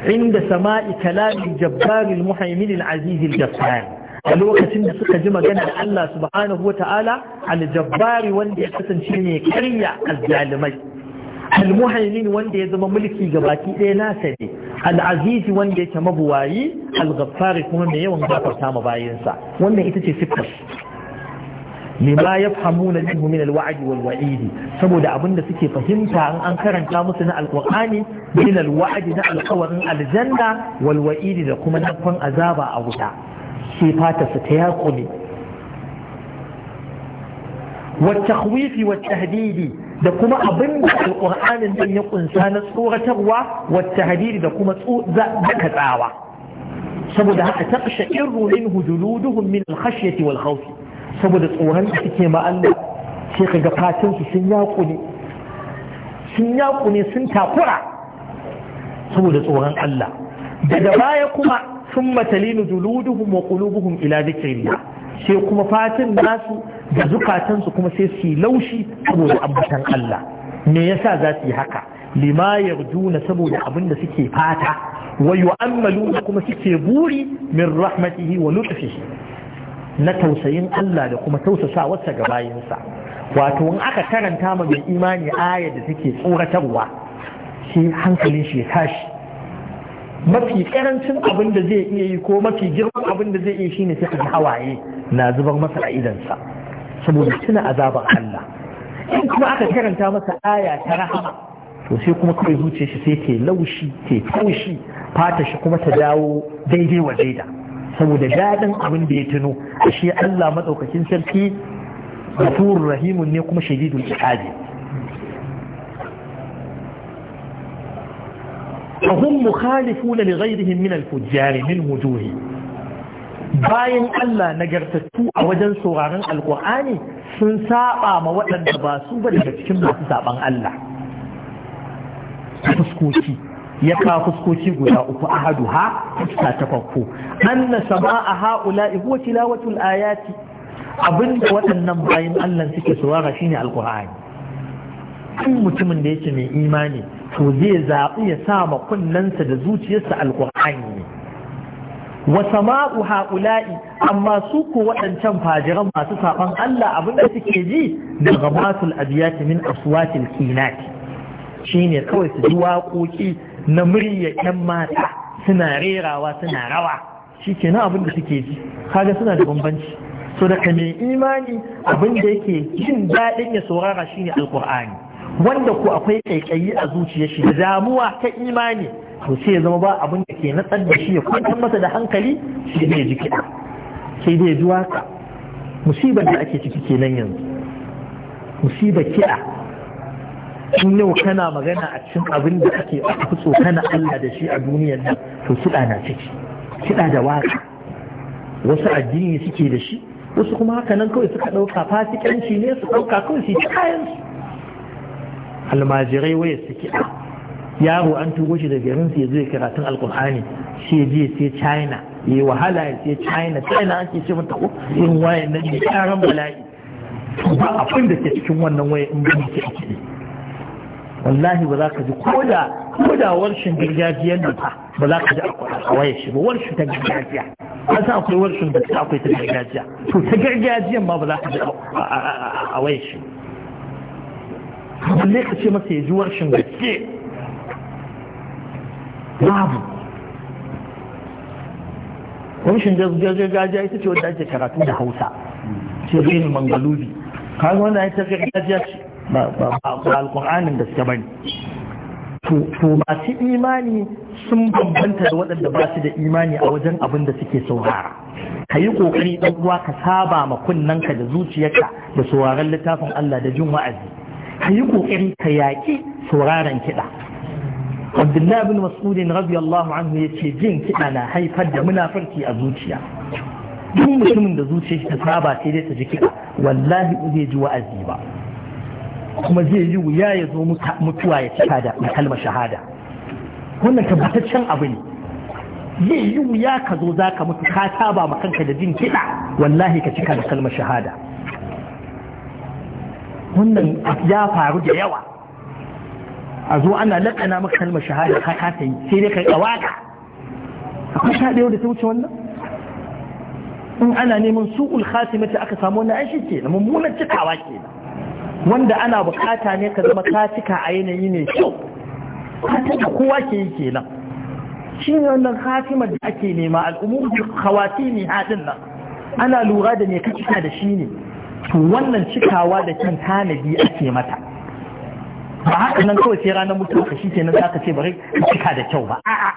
inda sama'i kalamin jabbaril muhaimin al-aziz al-jabbar a lokacin da suka ji maganar Allah subhanahu wa ta'ala aljabbari wanda ya kasance ne karya aljalimai almuhaimin wanda ya zama mulki ga baki ɗaya na ne al'azizi wanda yake mabuwayi algafari kuma mai yawan gafarta ma bayansa wannan ita ce siffar lima yafhamuna minhu min alwa'd walwa'idi, wa'id saboda abinda suke fahimta an an karanta musu na Alƙur'ani, min alwa'd na alƙawarin aljanna walwa'idi da kuma nafan azaba a wuta sai fatarsa ta yaƙule wacce huwifi wacce hadidi da kuma abin da alƙur'anin ɗin ya ƙunsa na tsoratarwa wacce hadidi da kuma daga tsawa saboda haka ta ƙashe irin min hujuluduhun min alkhashyati wal khawfi saboda tsoron da suke ma Allah sai ka ga fatansu sun yaƙule sun yaƙule sun takura saboda tsoron Allah daga baya kuma sun talinu juluduhum wa qulubuhum ila dhikrillah sai kuma fatin nasu da zukatan su kuma sai su laushi saboda ambatan Allah me yasa za su yi haka lima yarjuna saboda abin da suke fata wa yu'ammaluna kuma suke buri min rahmatihi wa lutfihi na tausayin Allah da kuma tausasa wasa ga bayinsa wato in aka karanta ma mai imani aya da take tsoratarwa shi hankalin shi ya tashi mafi karancin abin da zai iya yi ko mafi girman abin da zai iya shine sai hawaye na zubar masa a idansa saboda tuna azabar Allah in kuma aka karanta masa aya ta rahama to sai kuma kawai zuciya shi sai ta laushi ta taushi fata shi kuma ta dawo daidai wa daida saboda daɗin abin da ya tuno ashe Allah madaukakin sarki ghafurur rahimun ne kuma shadidul iqabi فهم مخالفون لغيرهم من الفجار من وجوه bayan Allah nagartattu a wajen sauraron alkur'ani sun saba ma waɗanda ba su ba daga cikin masu zaben Allah fuskoki ya ka fuskoki guda uku ahadu ha fuska ta farko haula, sama'a haula'i huwa tilawatul ayati abinda waɗannan bayan Allah suke saurara shine alkur'ani kun mutumin da yake mai imani to zai zaɓi ya sa ma kunnensa da zuciyarsa alƙur'ani ne wa sama'u haula'i amma su ko waɗancan fajiran masu saɓan Allah abin da suke ji daga masul abiyati min aswatil kinati shine kawai su ji waƙoƙi na murya ƴan mata suna rerawa suna rawa shi ke na abin da suke ji kaga suna da bambanci so daga mai imani abin da yake jin daɗin ya saurara shine alƙur'ani wanda ko akwai ƙaiƙayi a zuciyar shi da damuwa ta imani to sai ya zama ba abin da ke natsar da shi ya kwantar masa da hankali sai dai ji kiɗa sai dai ji waka musibar da ake ciki kenan yanzu musibar kiɗa in yau kana magana a cikin abin da ake aka tsokana Allah da shi a duniyar nan to kiɗa na ciki kiɗa da waka wasu addini suke da shi wasu kuma haka nan kawai suka ɗauka fasikanci ne su ɗauka kawai su yi almajirai waya suke ah, yaro an tugo shi da garin sai zai karatun alkur'ani ya je sai china ya wahala ya sai china china ake ce mata ko oh, Yin waya nan ne karan bala'i ba abin da ke cikin wannan waya in ba ke ake wallahi ba za ka ji ko da ko da warshin gargajiya ne fa ba za ka ji a waya shi ba warshin ta gargajiya an san akwai warshin da akwai ta gargajiya to ta gargajiyan ma ba za ka ji a waya shi ba balle ka ce masa ya ji warshin gaske babu warshin gajiya ita ce wadda ake karatu da hausa ce zai mangalubi kawai wanda tafiya gajiya ce ba alkur'anin da suka bani. to masu imani sun bambanta da waɗanda ba su da imani a wajen abin da suke saurara ka yi ƙoƙari ɗan uwa ka saba ma kunnanka da zuciyarka da sauraron littafin Allah da jin wa'azi ka yi ƙoƙari ka yaƙi sauraron kiɗa abdullahi bin mas'udin radiyallahu anhu ya ce jin kiɗa na haifar da munafarki a zuciya duk mutumin da zuciya ta saba sai dai ta ji kiɗa wallahi zai ji wa'azi ba kuma zai yi wuya ya zo mutuwa ya cika da kalmar shahada wannan tabbataccen abu ne zai yi wuya ka zo za ka mutu ka saba ma kanka da jin kiɗa wallahi ka cika da kalmar shahada wannan ya faru da yawa a zo ana laƙana maka kalmar shahada ka kasa yi sai dai kai kawaka akwai sha da ta wuce wannan in ana neman su'ul khatimati aka samu wannan aishi ke na mummunan cikawa ke wanda ana bukata ne ka zama ka cika a yanayi mai kyau ka kowa ke yi kenan shi ne wannan khatimar da ake nema al'umur kawati ne haɗin nan ana lura da me ka cika da shi ne wannan cikawa da cin tanadi ake mata ba haka nan kawai sai ranar mutu ka shi ke nan zaka ce bari cika da kyau ba a'a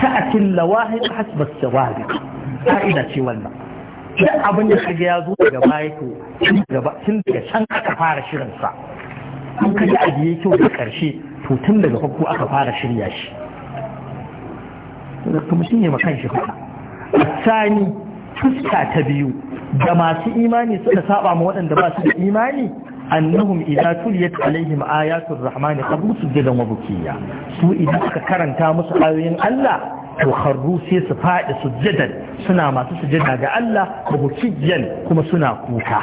ta'atil hasbar hasba ta ina ce wannan duk abin da kage ya zo daga baya to tun daga can aka fara shirin sa an ka ji ajiye kyau da karshe to tun daga farko aka fara shirya shi kuma ne makan shi A sani fuska ta biyu da masu imani suka saba ma waɗanda ba su da imani annahum idza tuliyat alaihim ayatul rahmani kharru sujadan wa bukiya su idan suka karanta musu ayoyin Allah to kharru sai su faɗi sujadan suna masu sujada ga Allah da bukiyan kuma suna kuka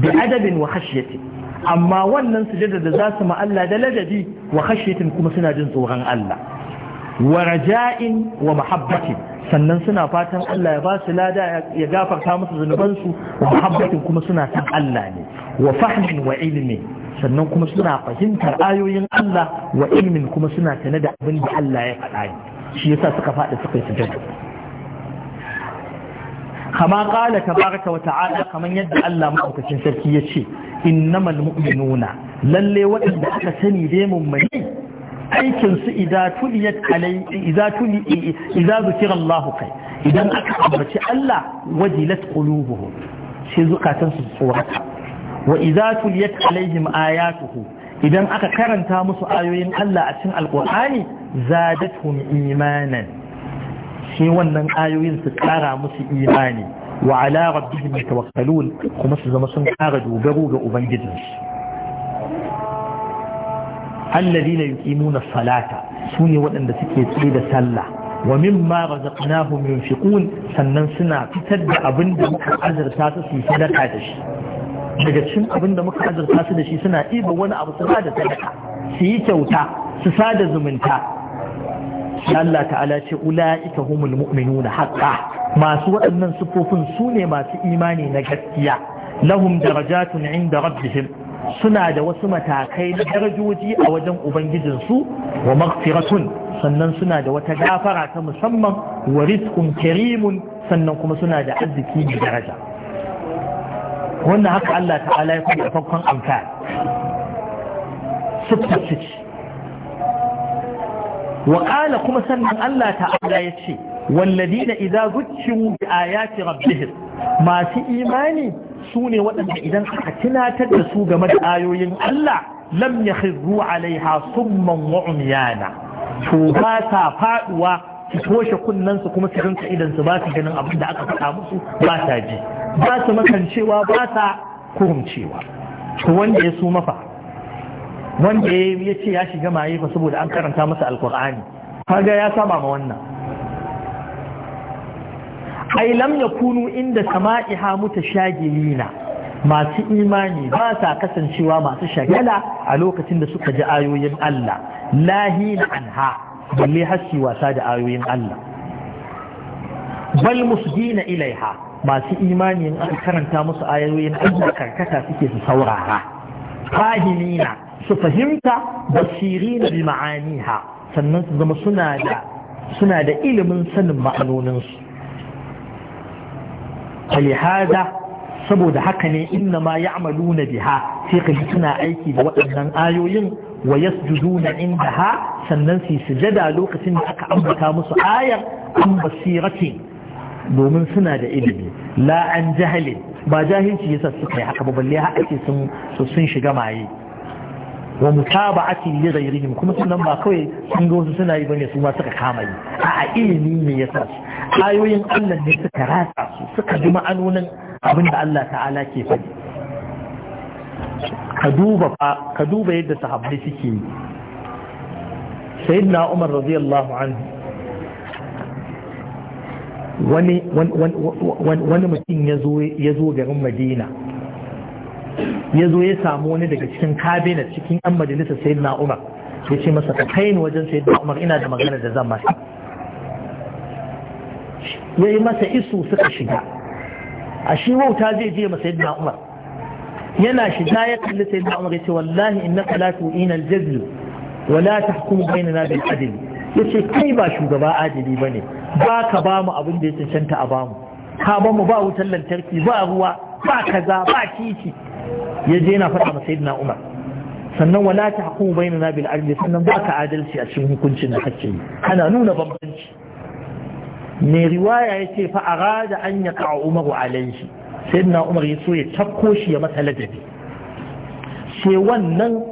bi adabin wa khashyati amma wannan sujada da za su ma Allah da ladabi wa khashyatin kuma suna jin tsoron Allah wa raja'in wa mahabbatin sannan suna fatan Allah ya ba su lada ya gafarta musu zunubansu wa muhabbatin kuma suna san Allah ne wa fahmin wa ilmi sannan kuma suna fahimtar ayoyin Allah wa ilmin kuma suna tana da abin da Allah ya faɗa ne shi yasa suka faɗi suka yi sujada kama qala tabaraka wa ta'ala kaman yadda Allah madaukakin sarki yace innamal mu'minuna lalle waɗanda aka sani dai mummuni aikinsu iza zukira Allah kai idan aka ambaci Allah wajilat qulubuhum sai zukatansu su tsorata wa iza tuliyat alaihim ayatuhu idan aka karanta musu ayoyin Allah a cikin alqur'ani zadatuhum imanan sai wannan ayoyin su kara musu imani wa ala rabbihim yatawakkalun kuma su zama sun kara dogaro ga ubangijinsu alladhina yuqimuna as-salata sune waɗanda suke tsaye da sallah wa mimma razaqnahum yunfiqun sannan suna fitar da abin da muka azurta su su sadaka da shi daga cikin abin da muka azurta su da shi suna ɗiba wani abu su da sadaka su yi kyauta su sada zumunta Allah ta'ala ce ula'ika humul mu'minuna haqqa masu waɗannan sufofin su ne masu imani na gaskiya lahum darajatun inda rabbihim suna da wasu matakai na darajoji a wajen ubangijinsu wa maghfiratun sannan suna da wata gafara ta musamman wa rizqun karimun sannan kuma suna da arziki mai daraja wannan haka Allah ta'ala ya faɗi a farkon amfani sufta ce wa kuma sannan Allah ta'ala ya ce والذين إذا ذكروا بآيات ربهم ما masu imani. su ne waɗanda idan aka tunatar da su game da ayoyin Allah lam ya khizru alaiha summan wa umyana to ba sa faduwa su toshe kunnen su kuma su rinka idan su ba su ganin abin da aka faɗa musu ba sa ji ba su makancewa ba sa kurumcewa to wanda ya su mafa wanda ya ce ya shiga maye fa saboda an karanta masa alkur'ani kaga ya saba ma wannan ai lam kunu inda sama'iha mutashagilina masu imani ba sa kasancewa masu shagala a lokacin da suka ji ayoyin Allah lahi na anha balle hashi wasa da ayoyin Allah bal musdina ilaiha masu imani in aka karanta musu ayoyin Allah karkata suke su saurara fahimina su fahimta basirina bi ma'aniha sannan su zama suna da suna da ilimin sanin ma'anoninsu falihada saboda haka ne inna ma na biha sai ka ji suna aiki da waɗannan ayoyin wa inda indaha sannan su sujada lokacin da aka ambata musu ayar an basirati domin suna da ilimi la an ba jahilci yasa suka yi haka ba balle har ake sun sun shiga maye wa mutaba'ati li ghayrihim kuma sunan ba kawai sun ga wasu suna yi bane su ma suka kama yi a ilimi ne yasa su ayoyin Allah ne suka ratsa su suka ji ma'anonin abin da Allah ta'ala ke faɗi ka duba fa ka duba yadda sahabbai suke yi sayyidina Umar radiyallahu anhu wani wani mutum ya zo garin Madina ya zo ya samu wani daga cikin kabinet cikin 'yan majalisar sayyidina Umar ya ce masa ka kai ni wajen sayyidina Umar ina da magana da zan masa ya masa isu suka shiga a shi wauta zai je masa yadda umar yana shiga ya kalli sai da umar ya ce wallahi innaka la tu'ina al-jazl wa la tahkum bainana bil Ya ce kai ba shugaba adili ne. ba ka ba mu abin da ya cancanta a bamu ka ba mu ba wutar lantarki ba ruwa ba kaza ba titi ya je yana faɗa masa yadda umar sannan wala ta bai na bil adl sannan ba ka adalci a cikin hukuncin da kake yi ana nuna bambanci mai riwaya ya ce fa'ara da an ya ka'a umaru alaihi sai na umar ya so ya cakko shi ya masa ladabi sai wannan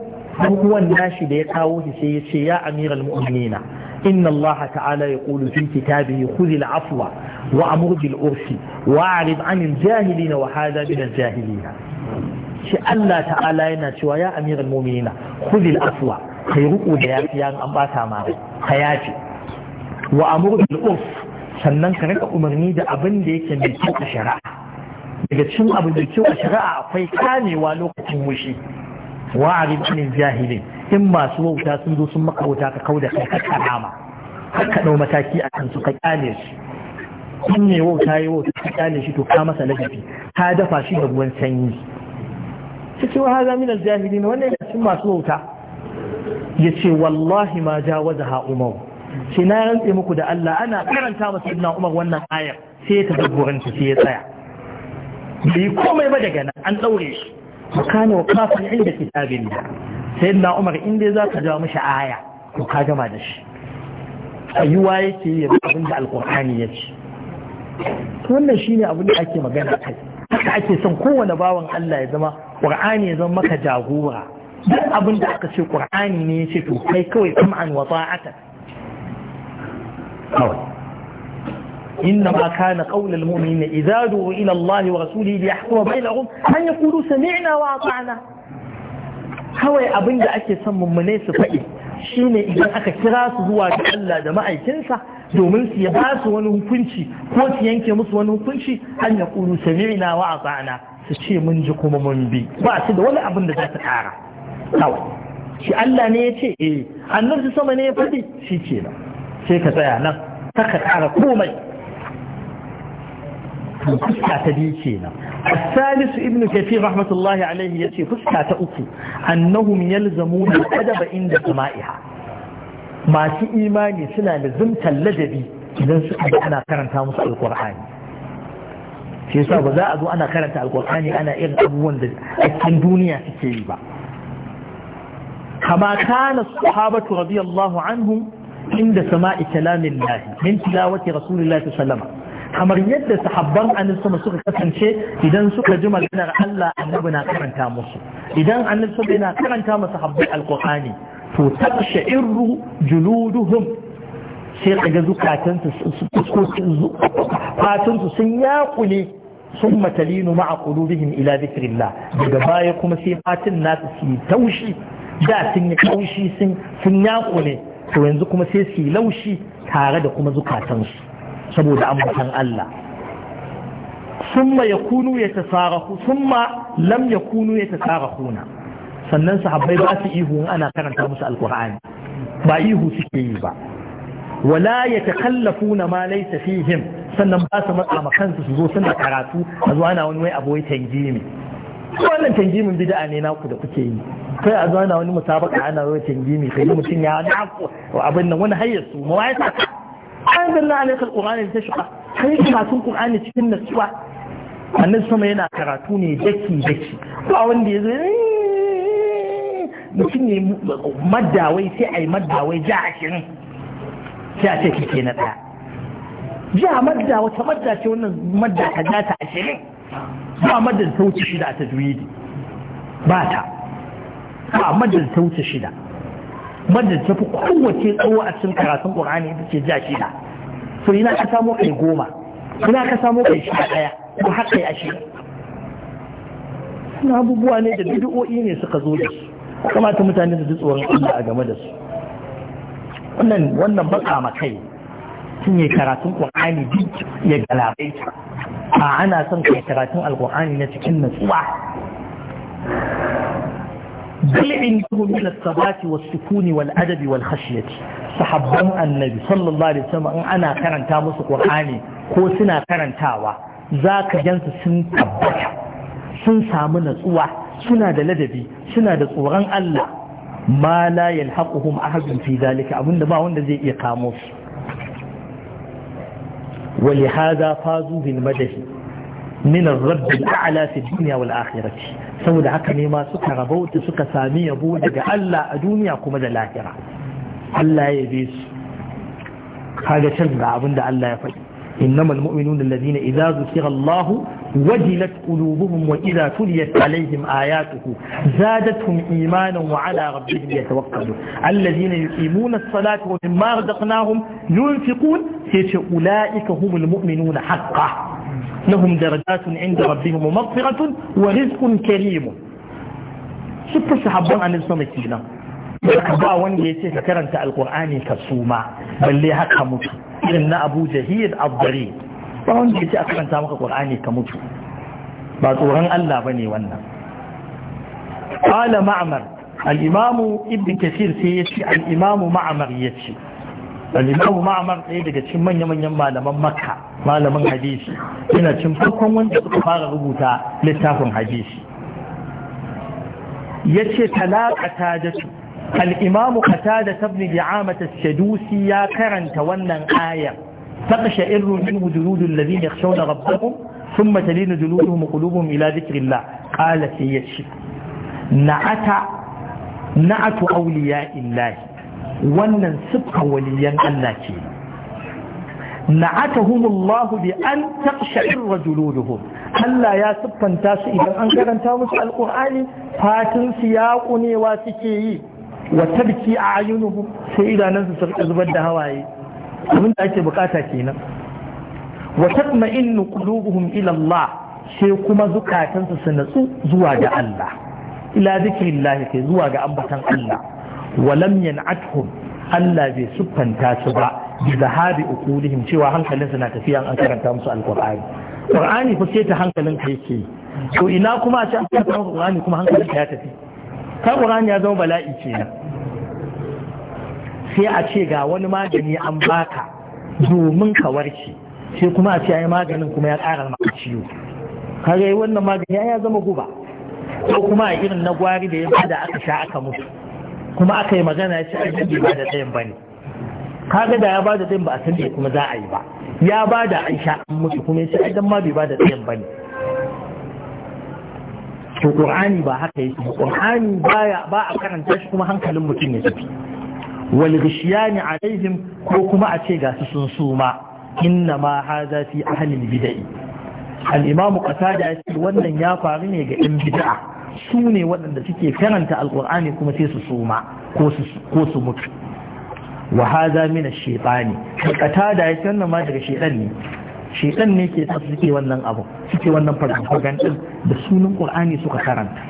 dan uwan nashi da ya kawo shi sai ya ce ya amiral mu'minina inna ta'ala ya qulu fi kitabihi khudh al-afwa wa amur bil urfi wa a'rid 'anil jahilina wa hadha jahilina shi Allah ta'ala yana cewa ya amiral mu'minina khudh al-afwa kai ruku da yafiya an bata ma wa amur bil urfi sannan ka rika umarni da abin da yake mai kyau a shari'a daga cikin abin da kyau a shari'a akwai kamewa lokacin wushi wa'arin anil jahilin in masu wauta sun zo sun maka wauta ka da kai ka karama har ka ɗau mataki a kan su ka kyale su in ne wauta ya yi wauta ka kyale shi to ka masa ladabi ka dafa shi da ruwan sanyi ta ce wa haza min al-jahilin wannan yana cin masu wauta ya ce wallahi ma jawaza ha umaru Sai na rantse muku da Allah ana karanta masa ibn Umar wannan ayar sai ya tadabburanta sai ya tsaya bai komai ba daga nan an daure shi makana wa kafin inda kitabin da sai Umar in dai za ka jawo mishi aya to ka gama da shi ayuwa yake ya bi abin da alkur'ani ya ce wannan shine abin da ake magana kai haka ake son kowane bawan Allah ya zama Qur'ani ya zama maka jagora duk abin da aka ce Qur'ani ne ya ce to kai kawai sam'an wa ta'atan kawai inna ma kana qaulul mu'minina idza du'u ila Allah wa rasulihi li yahkuma bainahum an yaqulu sami'na wa ata'na kawai abinda ake son mummune su faɗi shine idan aka kira su zuwa ga Allah da ma'aikinsa domin su ya ba su wani hukunci ko su yanke musu wani hukunci an ya ƙuru sami'na wa ata'na su ce mun ji kuma mun bi ba su da wani abin da za su ƙara kawai shi Allah ne ya ce eh annabi sama ne ya faɗi shi kenan sai ka tsaya nan ta ka ƙara komai fuska ta biyu kenan الثالث ابن كثير رحمة الله عليه يتي فسكة أكو أنهم da الأدب inda sama'iha. masu imani suna da zumtar ladabi idan suka ga ana karanta musu alkur'ani shi yasa ba za a zo ana karanta alkur'ani ana irin abubuwan da cikin duniya suke yi ba kama kana sahabatu radiyallahu anhum inda sama'i kalamin lahi min tilawati rasulillahi sallama kamar yadda sahabban annabi sama suka kasance idan suka ji maganar Allah annabi na karanta musu idan annabi sama yana karanta musu sahabbai alqur'ani to tashairu juluduhum sai kaga zukatansu fatansu sun yaƙune sun matalinu ma'a qulubihim ila dhikrillah daga baya kuma sai fatin nasu su taushi da sun yi taushi sun to yanzu kuma sai su laushi tare da kuma zukatansu saboda ambatan Allah summa yakunu yatasarahu summa lam yakunu yatasarahuna sannan sahabbai ba su ihu in ana karanta musu alkur'ani ba ihu suke yi ba wala yatakallafuna ma laysa fihim sannan ba su matsa ma kansu su zo suna karatu a zuwa na wani wai abu wai tangimi wannan tangimin bid'a ne naku da kuke yi kai a zauna wani musabaka ana rawacin gini kai mutum ya wani abin nan wani hayar su ma ya saka an zanna alaikar ƙorani ta shuka kai masu ƙur'ani cikin nasuwa nan sama yana karatu ne daki daki ba wanda ya zo eh. mutum ne maddawai sai a yi maddawai ja ashirin sai a ce kike na ɗaya ja madda wata madda ce wannan madda ka ja ta ashirin ba madda ta wuce shida a juyi ba ta ba madar ta wuce shida madar ta fi kowace tsawo a cikin karatun ƙur'ani ita ce ja shida so ina ka samo kai goma ina ka samo kai shida ɗaya ko har kai ashirin suna abubuwa ne da bid'o'i ne suka zo da su kamata mutane da ji tsoron Allah a game da su wannan wannan baka makai sun yi karatun Qur'ani duk ya ta, a ana son kai karatun Alƙur'ani na cikin natsuwa بل عنده من الثبات والسكون والأدب والخشية sahabban النبي صلى الله عليه وسلم أنا كرن تامس قرآني ko suna karantawa za ka sun tabbata sun samu natsuwa suna da ladabi suna da tsoron Allah ma la yalhaquhum ahadun fi zalika abinda ba wanda zai iya kamo su wa madahi من الرب الأعلى في الدنيا والآخرة سود عكمي ما سكى غبوت سكى سامي أبو ألا أدوني أقوم ذا الآخرة ألا يبيس هذا شرع عبند ألا يفعل إنما المؤمنون الذين إذا ذكر الله وجلت قلوبهم وإذا تليت عليهم آياته زادتهم إيمانا وعلى ربهم يتوكلون الذين يقيمون الصلاة ومما رزقناهم ينفقون أولئك هم المؤمنون حقا لهم درجات عند ربهم ومغفرة ورزق كريم سبت صحابة عن السمكينة ba wanda ya ce ka karanta alkur'ani ka suma balle haka mutu irin na abu jahil abdari ba wanda ya ce a karanta maka kur'ani ka mutu ba tsoron Allah bane wannan qala ma'mar al ibn kathir sai ya ce al-imam ma'mar ya ce alimamu ma'amar ɗaya daga cikin manya-manyan malaman makka malaman hadisi yana cin farkon wanda suka fara rubuta littafin hadisi ya ce talakata da su al'imamu kata da tabni amata shadusi ya karanta wannan ayar taƙashe irin min hujurudun lalini ya shauna rabbahun sun matalini juluduhun kulubun ila zikirillah ƙala sai ya ce na'ata na'atu auliya illahi wannan sifka waliyan Allah ke na'atahumullahu bi an taqsha'irra juluduhum Allah ya siffanta su idan an karanta musu alqur'ani fatin su ya kunewa suke yi wa tabki a'yunuhum sai idanansu su rika zubar da hawaye abin da ake bukata kenan wa tatma'innu qulubuhum ila Allah sai kuma zukatansu su natsu zuwa ga Allah ila zikrillah kai zuwa ga ambatan Allah walam yan'athum Allah bai siffanta su ba bi zahabi uqulihim cewa hankalinsu na tafiya an karanta musu alqur'ani qur'ani fa sai ta hankalin ka yake to ina kuma a ce an karanta musu qur'ani kuma hankalin ka ya tafi ka qur'ani ya zama bala'i kenan sai a ce ga wani magani an baka domin ka warke sai kuma a ce ai maganin kuma ya ƙara maka ciwo kaga wannan magani ya zama guba ko kuma a irin na gwari da ya bada aka sha aka mutu kuma aka yi magana ya ce annabi ba da ɗayan ba ne kaga da ya ba da ɗayan ba a san da kuma za a yi ba ya ba da an sha an mutu kuma ya ce ai ma bai ba da ɗayan ba ne to ƙur'ani ba haka yake ba ƙur'ani ba a karanta shi kuma hankalin mutum ya tafi wal a laifin ko kuma a ce ga su sun suma inna ma a fi bida'i al'imamu ƙasa da ya ce wannan ya faru ne ga ɗan bid'a su ne waɗanda suke karanta alƙur'ani kuma sai su suma ko su mutu wa haza min ash-shaytani da yake wannan ma daga shaytan ne shaytan ne ke tafi suke wannan abu suke wannan fargan din da sunan qur'ani suka karanta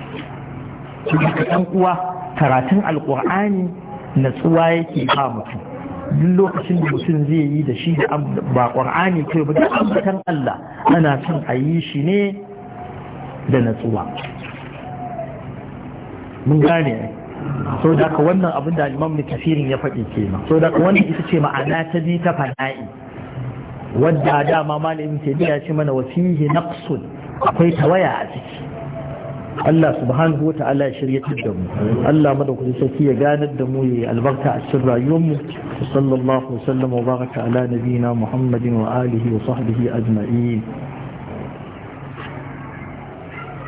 suka dan uwa karatun Alƙur'ani natsuwa yake ba mutum duk lokacin da mutum zai yi da shi da ba qur'ani kai ba duk ambatan Allah ana son a yi shi ne da natsuwa mun gane so da ka wannan abin da imam ne kafirin ya faɗi kenan so da ka wannan ita ce ma'ana ta bi ta fana'i wadda dama malamin ke biya ce mana wasihi naqsun akwai tawaya a ciki Allah subhanahu wa ta'ala ya shirya da mu Allah madaukakin sarki ya ganar da mu ya albarka a cikin rayuwar mu sallallahu alaihi wa sallam wa baraka ala nabiyina Muhammadin wa alihi wa sahbihi ajma'in